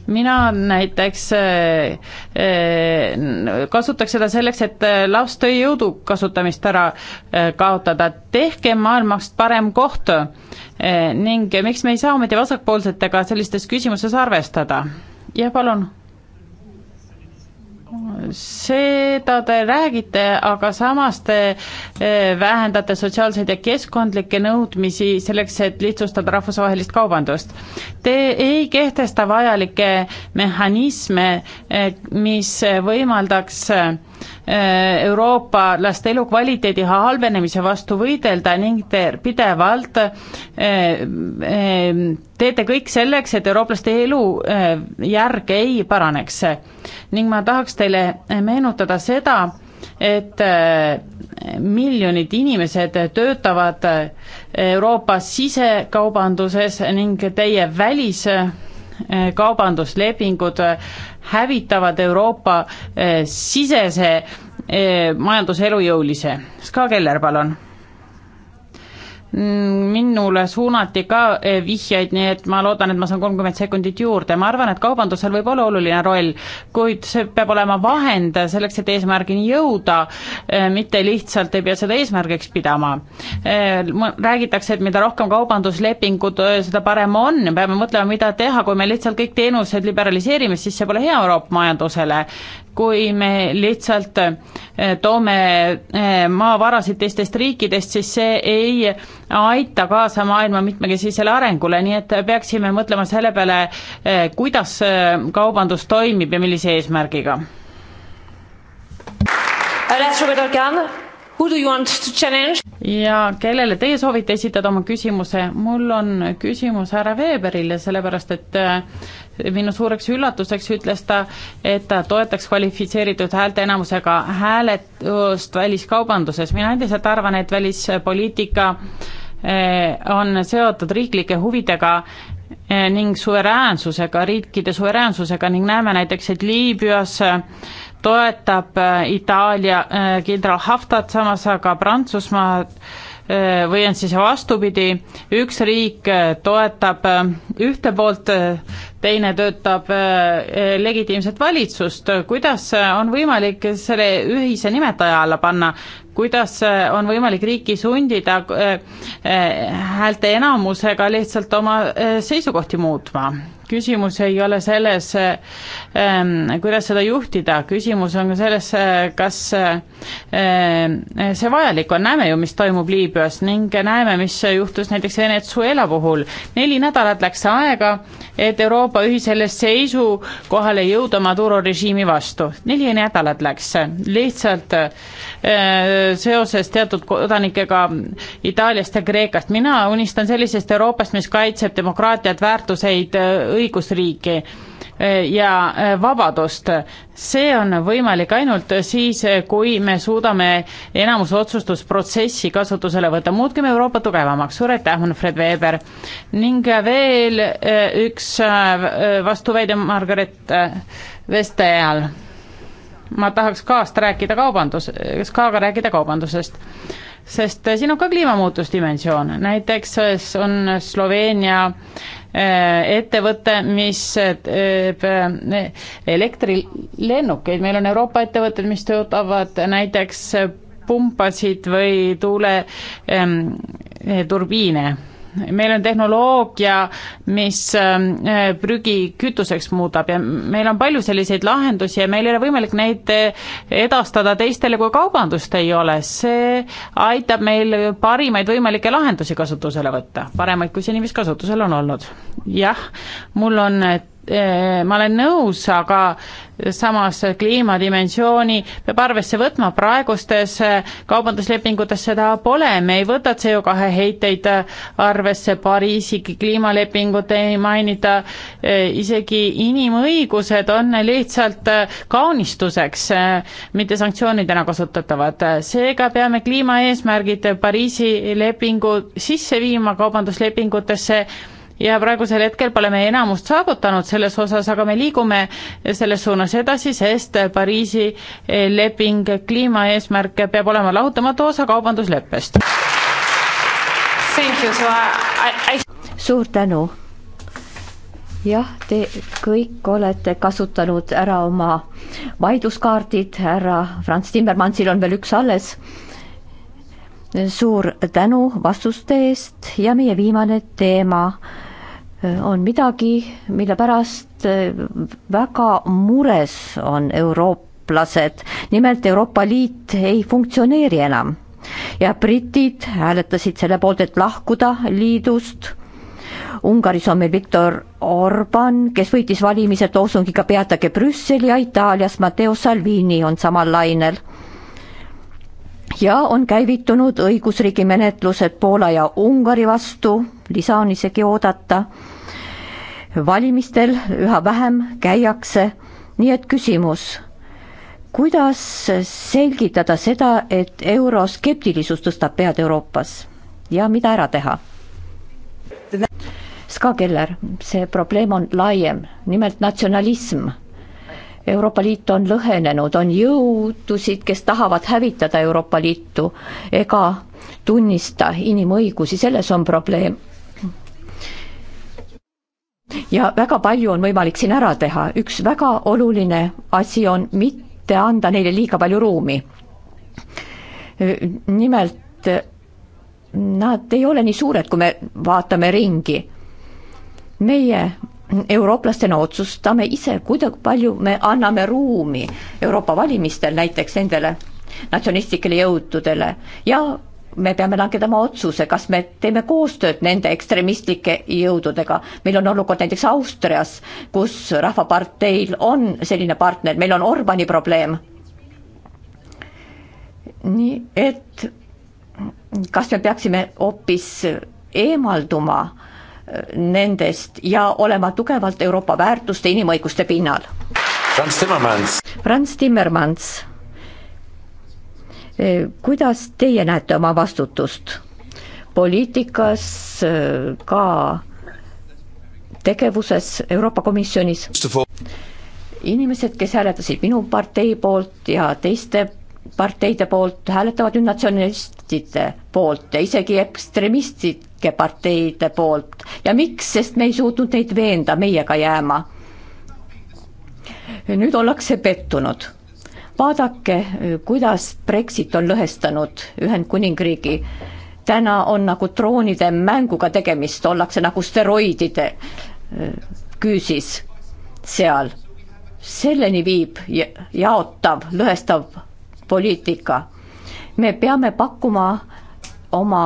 mina näiteks eh, eh, kasutaks seda selleks, et laostööjõudu kasutamist ära kaotada, tehke maailmast parem koht ning miks me ei saa ometi vasakpoolsetega sellistes küsimustes arvestada? jah, palun seda te räägite, aga samas te eh, vähendate sotsiaalseid ja keskkondlikke nõudmisi selleks, et lihtsustada rahvusvahelist kaubandust. Te ei kehtesta vajalikke mehhanisme, eh, mis võimaldaks Äh, Euroopa laste elukvaliteedi halvenemise vastu võidelda ning te pidevalt äh, äh, teete kõik selleks, et eurooplaste elujärg ei paraneks. ning ma tahaks teile meenutada seda, et miljonid inimesed töötavad Euroopa sisekaubanduses ning teie väliskaubanduslepingud hävitavad Euroopa eh, sisese eh, majanduselujõulise. Ska Keller, palun minule suunati ka eh, vihjeid, nii et ma loodan, et ma saan kolmkümmend sekundit juurde, ma arvan, et kaubandusel võib olla oluline roll, kuid see peab olema vahend selleks, et eesmärgini jõuda, eh, mitte lihtsalt ei pea seda eesmärgiks pidama. Eh, räägitakse, et mida rohkem kaubanduslepingud, seda parem on, me peame mõtlema, mida teha, kui me lihtsalt kõik teenused liberaliseerime, siis see pole hea Euroopa majandusele kui me lihtsalt äh, toome äh, maavarasid teistest riikidest, siis see ei aita kaasa maailma mitmekesisele arengule, nii et peaksime mõtlema selle peale, äh, kuidas kaubandus toimib ja millise eesmärgiga. Alain Choubedokan ja kellele teie soovite esitada oma küsimuse, mul on küsimus härra Weberile, sellepärast et äh, minu suureks üllatuseks ütles ta, et ta toetaks kvalifitseeritud häälteenamusega hääletust väliskaubanduses, mina endiselt arvan, et välispoliitika äh, on seotud riiklike huvidega äh, ning suveräänsusega, riikide suveräänsusega ning näeme näiteks, et Liibüas toetab äh, Itaalia äh, kindral Haftat, samas aga Prantsusmaa äh, või on siis vastupidi, üks riik toetab ühte poolt, teine töötab legitiimset valitsust, kuidas on võimalik selle ühise nimetaja alla panna, kuidas on võimalik riiki sundida häälte enamusega lihtsalt oma seisukohti muutma? küsimus ei ole selles, ähm, kuidas seda juhtida, küsimus on ka selles, kas ähm, see vajalik on, näeme ju, mis toimub Liibüas ning näeme, mis juhtus näiteks Venezuela puhul. neli nädalat läks aega, et Euroopa ühisele seisukohale jõuda Maduro režiimi vastu. neli nädalat läks, lihtsalt äh, seoses teatud kodanikega Itaaliast ja Kreekast, mina unistan sellisest Euroopast, mis kaitseb demokraatiat, väärtuseid, õigusriiki eh, ja eh, vabadust. see on võimalik ainult siis, eh, kui me suudame enamuse otsustusprotsessi kasutusele võtta, muutkem Euroopa tugevamaks, suur aitäh, Manfred Weber. ning veel üks vastuväide Margaret Vesteal. ma tahaks kaast rääkida kaubandus, kaaga rääkida kaubandusest sest siin on ka kliimamuutus dimensioon, näiteks on Sloveenia äh, Äh, ettevõte, mis teeb äh, elektrilennukeid, meil on Euroopa ettevõtted, mis töötavad näiteks pumpasid või tuuleturbiine ähm, meil on tehnoloogia, mis ähm, äh, prügi kütuseks muudab ja meil on palju selliseid lahendusi ja meil ei ole võimalik neid äh, edastada teistele, kui kaubandust ei ole. see aitab meil parimaid võimalikke lahendusi kasutusele võtta, paremaid, kui seni vist kasutusel on olnud. jah, mul on äh, Eh, ma olen nõus, aga samas kliimadimensiooni peab arvesse võtma, praegustes eh, kaubanduslepingutes seda pole, me ei võta CO2 heiteid eh, arvesse, Pariisi kliimalepingut ei mainita, isegi inimõigused on lihtsalt kaunistuseks, mitte sanktsioonidena kasutatavad. seega peame kliimaeesmärgid Pariisi lepingu sisse viima kaubanduslepingutesse ja praegusel hetkel pole me enamust saavutanud selles osas, aga me liigume selles suunas edasi, sest Pariisi eh, leping kliimaeesmärke peab olema lahutamatu osa kaubandusleppest. I... suur tänu. jah, te kõik olete kasutanud ära oma vaidluskaardid, härra Franz Timmermansil on veel üks alles suur tänu vastuste eest ja meie viimane teema Äh, on midagi, mille pärast äh, väga mures on eurooplased. nimelt Euroopa Liit ei funktsioneeri enam ja britid hääletasid selle poolt, et lahkuda liidust. Ungaris on meil Viktor Orban, kes võitis valimised loosungiga peatage Brüssel ja Itaalias Matteo Salvini on samal lainel ja on käivitunud õigusriigi menetlused Poola ja Ungari vastu, lisa on isegi oodata. valimistel üha vähem käiakse, nii et küsimus, kuidas selgitada seda, et euroskeptilisus tõstab pead Euroopas ja mida ära teha? Ska Keller, see probleem on laiem, nimelt natsionalism Euroopa Liit on lõhenenud, on jõudusid, kes tahavad hävitada Euroopa Liitu ega tunnista inimõigusi, selles on probleem. ja väga palju on võimalik siin ära teha, üks väga oluline asi on mitte anda neile liiga palju ruumi. nimelt nad ei ole nii suured, kui me vaatame ringi. meie eurooplastena otsustame ise, kuidagi palju me anname ruumi Euroopa valimistel näiteks nendele natsionistlikele jõududele ja me peame langedama otsuse, kas me teeme koostööd nende ekstremistlike jõududega. meil on olukord näiteks Austrias, kus Rahvaparteil on selline partner, meil on Orbani probleem. nii et kas me peaksime hoopis eemalduma äh, nendest ja olema tugevalt Euroopa väärtuste, inimõiguste pinnal. Franz Timmermans. Franz Timmermans, eh, kuidas teie näete oma vastutust poliitikas, eh, ka tegevuses Euroopa Komisjonis? inimesed, kes hääletasid minu partei poolt ja teiste parteide poolt, hääletavad nüüd natsionalistide poolt ja isegi ekstremistid kõike parteide poolt ja miks, sest me ei suutnud neid veenda meiega jääma. nüüd ollakse pettunud. vaadake, kuidas Brexit on lõhestanud Ühendkuningriigi täna on nagu troonide mänguga tegemist, ollakse nagu steroidide küüsis seal. selleni viib jaotav, lõhestav poliitika. me peame pakkuma oma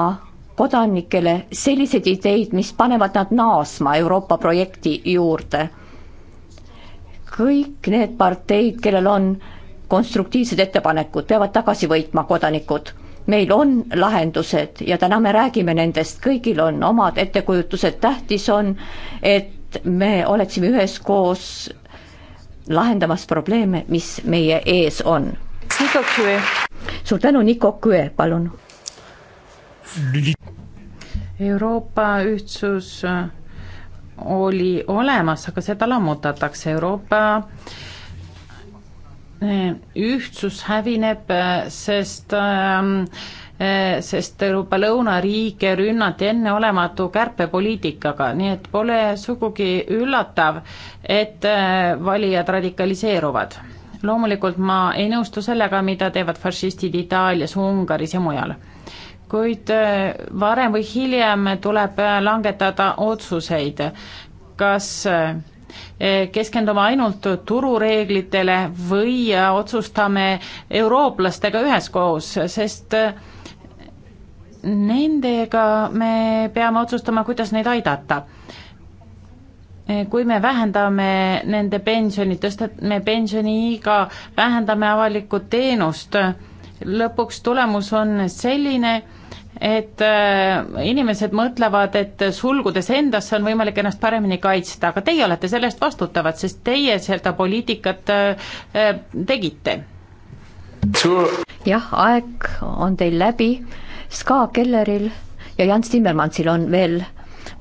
kodanikele selliseid ideid, mis panevad nad naasma Euroopa projekti juurde. kõik need parteid, kellel on konstruktiivsed ettepanekud, peavad tagasi võitma kodanikud. meil on lahendused ja täna me räägime nendest, kõigil on omad ettekujutused, tähtis on, et me oleksime üheskoos lahendamas probleeme, mis meie ees on. suur tänu, Niko Kue, palun Euroopa ühtsus äh, oli olemas, aga seda lammutatakse, Euroopa äh, ühtsus hävineb, äh, sest ähm, sest Euroopa lõunariike rünnati enneolematu kärpepoliitikaga, nii et pole sugugi üllatav, et valijad radikaliseeruvad. loomulikult ma ei nõustu sellega, mida teevad fašistid Itaalias, Ungaris ja mujal kuid äh, varem või hiljem tuleb äh, langetada otsuseid, kas äh, keskenduma ainult turureeglitele või otsustame eurooplastega üheskoos, sest nendega me peame otsustama, kuidas neid aidata. kui me vähendame nende pensioni, tõstame pensioniiga, vähendame avalikku teenust, lõpuks tulemus on selline, et äh, inimesed mõtlevad, et sulgudes endasse on võimalik ennast paremini kaitsta, aga teie olete selle eest vastutavad, sest teie seda poliitikat äh, äh, tegite. jah, aeg on teil läbi, Ska Kelleril ja Jans Timmermansil on veel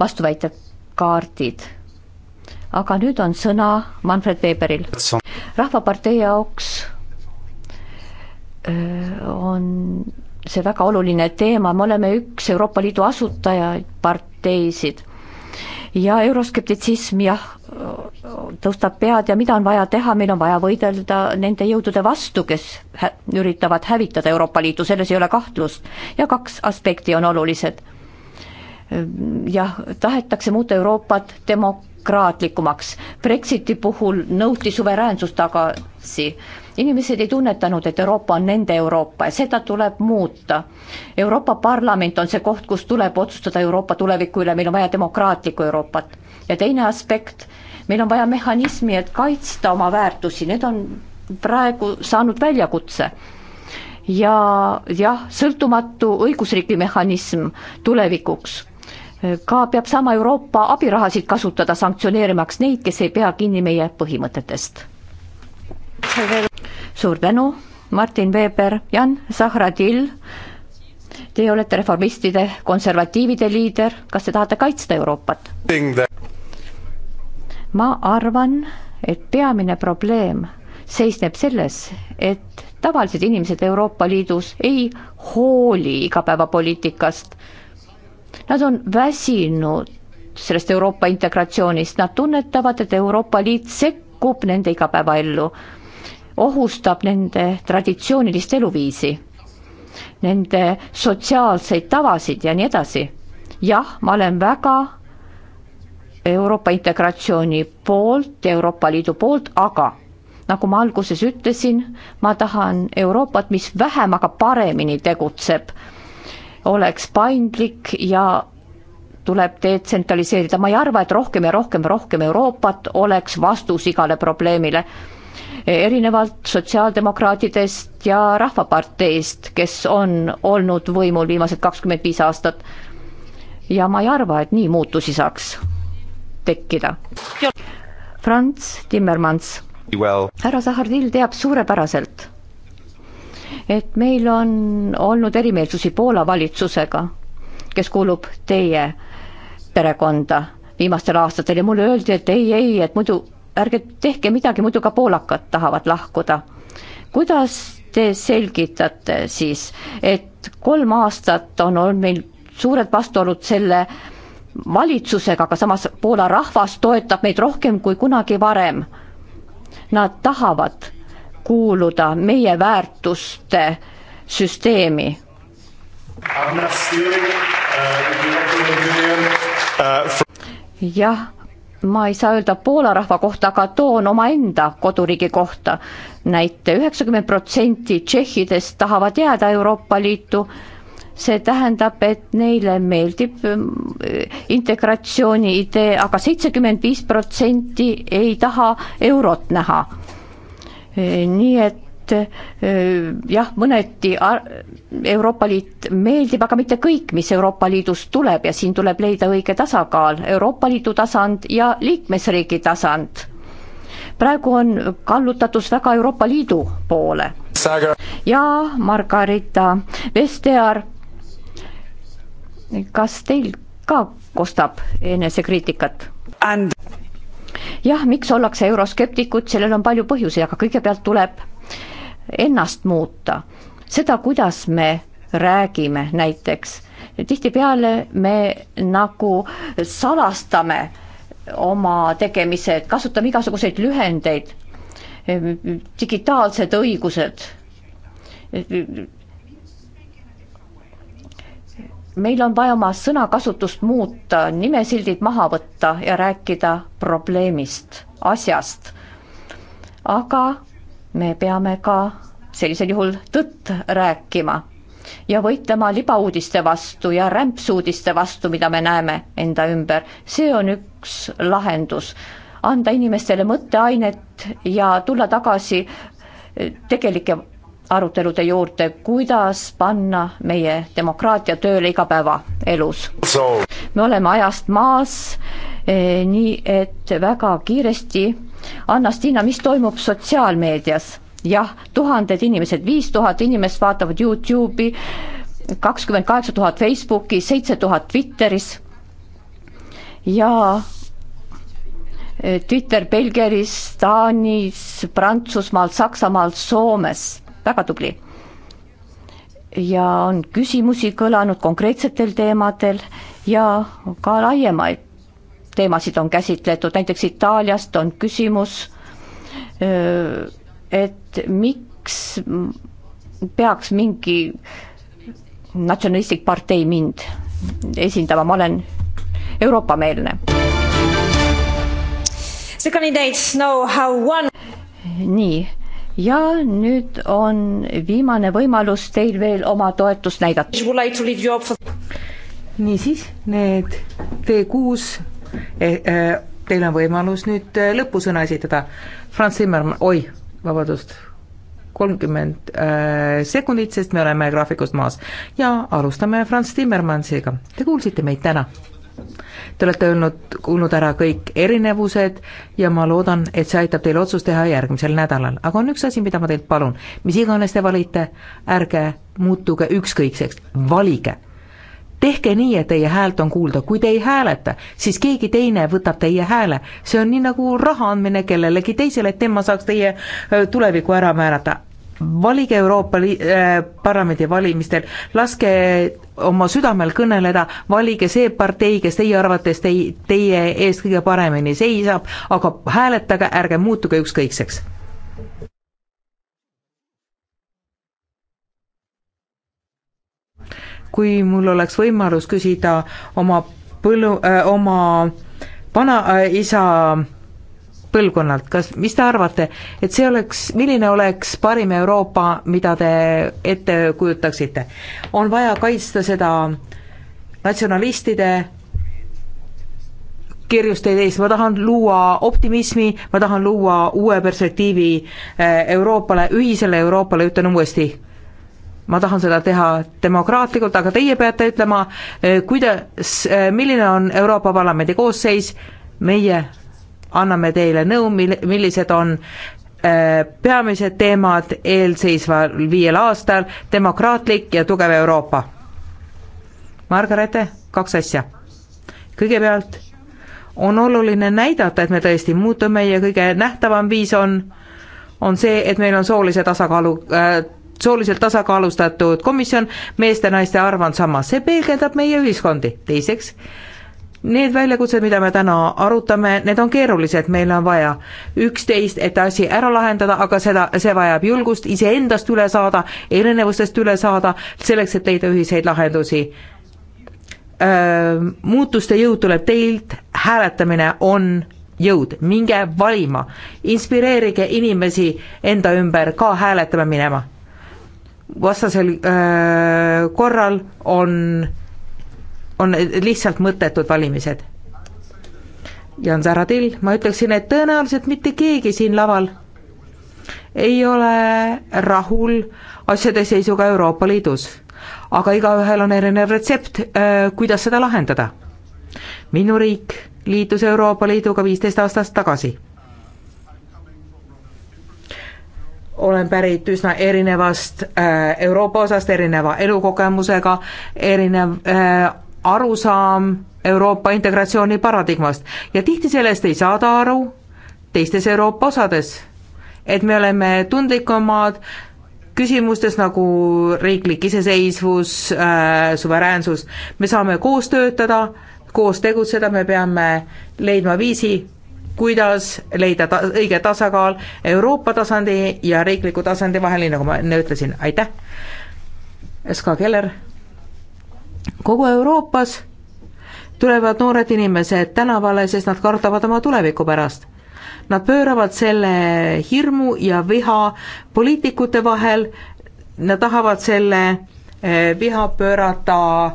vastuväitekaardid. aga nüüd on sõna Manfred Weberil. rahvapartei jaoks on see väga oluline teema, me oleme üks Euroopa Liidu asutajaid, parteisid. ja euroskeptitsism jah, tõstab pead ja mida on vaja teha, meil on vaja võidelda nende jõudude vastu, kes hä üritavad hävitada Euroopa Liitu, selles ei ole kahtlust. ja kaks aspekti on olulised. jah, tahetakse muuta Euroopat demok-, demokraatlikumaks. Brexiti puhul nõuti suveräänsust tagasi. inimesed ei tunnetanud, et Euroopa on nende Euroopa ja seda tuleb muuta. Euroopa Parlament on see koht, kus tuleb otsustada Euroopa tuleviku üle, meil on vaja demokraatlikku Euroopat. ja teine aspekt, meil on vaja mehhanismi, et kaitsta oma väärtusi, need on praegu saanud väljakutse ja jah, sõltumatu õigusriigi mehhanism tulevikuks ka peab saama Euroopa abirahasid kasutada sanktsioneerimaks neid, kes ei pea kinni meie põhimõtetest. suur tänu, Martin Veber, Jan Zahradil. Teie olete reformistide, konservatiivide liider, kas te tahate kaitsta Euroopat? ma arvan, et peamine probleem seisneb selles, et tavalised inimesed Euroopa Liidus ei hooli igapäevapoliitikast Nad on väsinud sellest Euroopa integratsioonist, nad tunnetavad, et Euroopa Liit sekkub nende igapäevaellu, ohustab nende traditsioonilist eluviisi, nende sotsiaalseid tavasid ja nii edasi. jah, ma olen väga Euroopa integratsiooni poolt ja Euroopa Liidu poolt, aga nagu ma alguses ütlesin, ma tahan Euroopat, mis vähem, aga paremini tegutseb oleks paindlik ja tuleb detsentraliseerida, ma ei arva, et rohkem ja rohkem, rohkem Euroopat oleks vastus igale probleemile. erinevalt sotsiaaldemokraatidest ja Rahvaparteist, kes on olnud võimul viimased kakskümmend viis aastat. ja ma ei arva, et nii muutusi saaks tekkida. Franz Timmermans well., härra Zahhardil teab suurepäraselt et meil on olnud erimeelsusi Poola valitsusega, kes kuulub teie perekonda viimastel aastatel ja mulle öeldi, et ei, ei, et muidu ärge tehke midagi, muidu ka poolakad tahavad lahkuda. kuidas te selgitate siis, et kolm aastat on olnud meil suured vastuolud selle valitsusega, aga samas Poola rahvas toetab meid rohkem kui kunagi varem. Nad tahavad kuuluda meie väärtuste süsteemi. jah, ma ei saa öelda Poola rahva kohta, aga toon omaenda koduriigi kohta näite, üheksakümmend protsenti tšehhidest tahavad jääda Euroopa Liitu see tähendab, et neile meeldib mm, integratsiooni idee aga, aga seitsekümmend viis protsenti ei taha eurot näha nii et jah, mõneti Euroopa Liit meeldib, aga mitte kõik, mis Euroopa Liidust tuleb ja siin tuleb leida õige tasakaal, Euroopa Liidu tasand ja liikmesriigi tasand. praegu on kallutatus väga Euroopa Liidu poole. ja Margarita Vestear, kas teil ka kostab enesekriitikat? And jah, miks ollakse euroskeptikud, sellel on palju põhjuseid, aga kõigepealt tuleb ennast muuta. seda, kuidas me räägime näiteks, tihtipeale me nagu salastame oma tegemised, kasutame igasuguseid lühendeid, digitaalsed õigused, meil on vaja oma sõnakasutust muuta, nimesildid maha võtta ja rääkida probleemist, asjast. aga me peame ka sellisel juhul tõtt rääkima ja võitlema libauudiste vastu ja rämpsuudiste vastu, mida me näeme enda ümber. see on üks lahendus, anda inimestele mõtteainet ja tulla tagasi tegelike arutelude juurde, kuidas panna meie demokraatia tööle igapäevaelus. me oleme ajast maas eh,, nii et väga kiiresti, Anna-Stiina, mis toimub sotsiaalmeedias? jah, tuhanded inimesed, viis tuhat inimest vaatavad Youtube'i, kakskümmend kaheksa tuhat Facebooki, seitse tuhat Twitteris ja eh, Twitter Belgias, Taanis, Prantsusmaal, Saksamaal, Soomes väga tubli. ja on küsimusi kõlanud konkreetsetel teemadel ja ka laiemaid teemasid on käsitletud, näiteks Itaaliast on küsimus, et miks peaks mingi natsionalistlik partei mind esindama, ma olen Euroopa-meelne. nii ja nüüd on viimane võimalus teil veel oma toetust näidata. niisiis, need T6 eh, eh, teil on võimalus nüüd eh, lõpusõna esitada. Franz Zimmermann, oi, vabandust, kolmkümmend eh, sekundit, sest me oleme graafikust maas. ja alustame Franz Timmermansiga, te kuulsite meid täna Te olete öelnud, kuulnud ära kõik erinevused ja ma loodan, et see aitab teil otsust teha järgmisel nädalal. aga on üks asi, mida ma teilt palun, mis iganes te valite, ärge muutuge ükskõikseks, valige. tehke nii, et teie häält on kuulda, kui te ei hääleta, siis keegi teine võtab teie hääle. see on nii nagu raha andmine kellelegi teisele, et tema saaks teie äh, tuleviku ära määrata valige Euroopa äh, Parlamendi valimistel, laske oma südamel kõneleda, valige see partei, kes teie arvates tei-, teie eest kõige paremini seisab, aga hääletage, ärge muutuge ükskõikseks. kui mul oleks võimalus küsida oma põllu äh,, oma vanaisa äh, põlvkonnalt, kas, mis te arvate, et see oleks, milline oleks parim Euroopa, mida te ette kujutaksite? on vaja kaitsta seda natsionalistide kirjust ei teist, ma tahan luua optimismi, ma tahan luua uue perspektiivi eh, Euroopale, ühisele Euroopale, ütlen uuesti. ma tahan seda teha demokraatlikult, aga teie peate ütlema, eh, kuidas, eh, milline on Euroopa Parlamendi koosseis, meie anname teile nõu, mil-, millised on äh, peamised teemad eelseisval viiel aastal, demokraatlik ja tugev Euroopa. Margarete, kaks asja. kõigepealt on oluline näidata, et me tõesti muutume ja kõige nähtavam viis on, on see, et meil on soolise tasakaalu äh, sooliselt tasakaalustatud komisjon, meeste-naiste arv on sama, see peegeldab meie ühiskondi. teiseks, Need väljakutsed, mida me täna arutame, need on keerulised, meil on vaja üksteist, et asi ära lahendada, aga seda, see vajab julgust iseendast üle saada, erinevustest üle saada, selleks, et leida ühiseid lahendusi muutuste jõud tuleb teilt, hääletamine on jõud, minge valima, inspireerige inimesi enda ümber ka hääletama minema. vastasel öö, korral on öö, on lihtsalt mõttetud valimised. Jan Zaradil, ma ütleksin, et tõenäoliselt mitte keegi siin laval ei ole rahul asjade seisuga Euroopa Liidus. aga igaühel on erinev retsept, äh, kuidas seda lahendada. minu riik liitus Euroopa Liiduga viisteist aastat tagasi. olen pärit üsna erinevast äh, Euroopa osast, erineva elukogemusega, erinev äh, arusaam Euroopa integratsiooni paradigmast ja tihti sellest ei saada aru teistes Euroopa osades, et me oleme tundlikumad küsimustes nagu riiklik iseseisvus äh,, suveräänsus, me saame koos töötada, koos tegutseda, me peame leidma viisi, kuidas leida ta-, õige tasakaal Euroopa tasandi ja riikliku tasandi vahel, nii nagu ma enne ütlesin, aitäh! Ska Keller kogu Euroopas tulevad noored inimesed tänavale, sest nad kardavad oma tuleviku pärast. Nad pööravad selle hirmu ja viha poliitikute vahel, nad tahavad selle eh, viha pöörata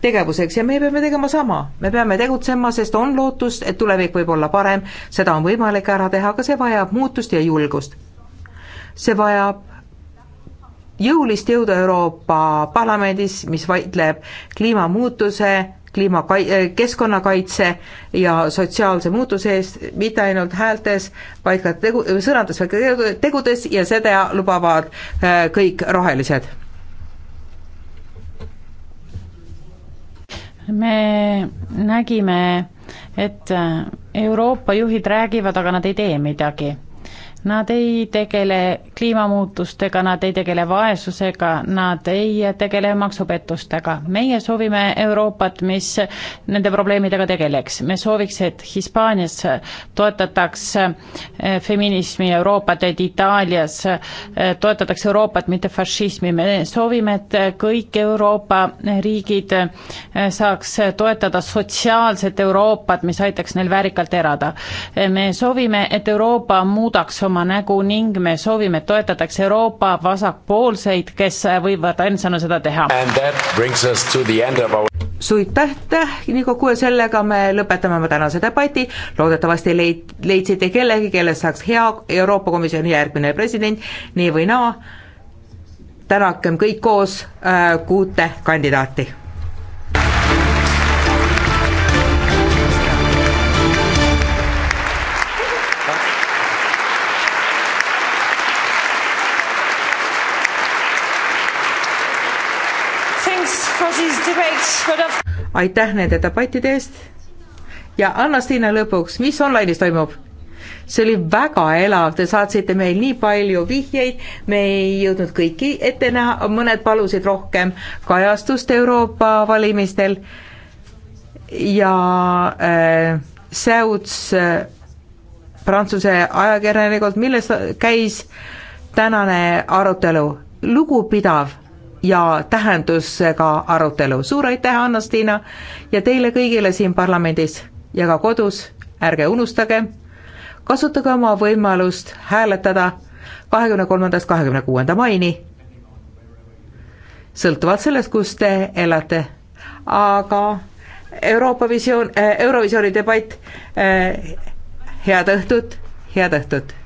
tegevuseks ja me peame tegema sama, me peame tegutsema, sest on lootust, et tulevik võib olla parem, seda on võimalik ära teha, aga see vajab muutust ja julgust. see vajab jõulist jõudu Euroopa Parlamendis, mis vaidleb kliimamuutuse, kliimakai-, äh, keskkonnakaitse ja sotsiaalse muutuse eest, mitte ainult häältes, vaid ka tegu, sõnades, vaid ka tegudes ja seda lubavad äh, kõik rohelised. me nägime, et äh, Euroopa juhid räägivad, aga nad ei tee midagi Nad ei tegele kliimamuutustega, nad ei tegele vaesusega, nad ei tegele maksupettustega. meie soovime Euroopat, mis nende probleemidega tegeleks. me sooviks, et Hispaanias toetataks eh, feminismi Euroopat, et Itaalias eh, toetataks Euroopat, mitte fašismi. me soovime, et kõik Euroopa riigid eh, saaks toetada sotsiaalset Euroopat, mis aitaks neil väärikalt elada. me soovime, et Euroopa muudaks oma oma nägu ning me soovime, et toetatakse Euroopa vasakpoolseid, kes võivad ainsana seda teha. Our... suur aitäh, nii kogu ja sellega me lõpetame oma tänase debati, loodetavasti leid-, leidsite kellegi, kellest saaks hea Euroopa Komisjoni järgmine president, nii või naa, tänakem kõik koos äh, kuute kandidaati aitäh nende debattide eest ja Anna-Stiina lõpuks, mis online'is toimub? see oli väga elav, te saatsite meil nii palju vihjeid, me ei jõudnud kõiki ette näha, mõned palusid rohkem kajastust Euroopa valimistel ja äh, Säuts äh, Prantsuse ajakirjanikult, milles käis tänane arutelu, lugupidav ja tähendusega arutelu. suur aitäh, Anna-Stiina ja teile kõigile siin parlamendis ja ka kodus, ärge unustage, kasutage oma võimalust hääletada kahekümne kolmandast kahekümne kuuenda maini, sõltuvalt sellest, kus te elate. aga Euroopa visioon, Eurovisiooni debatt, eh, head õhtut, head õhtut!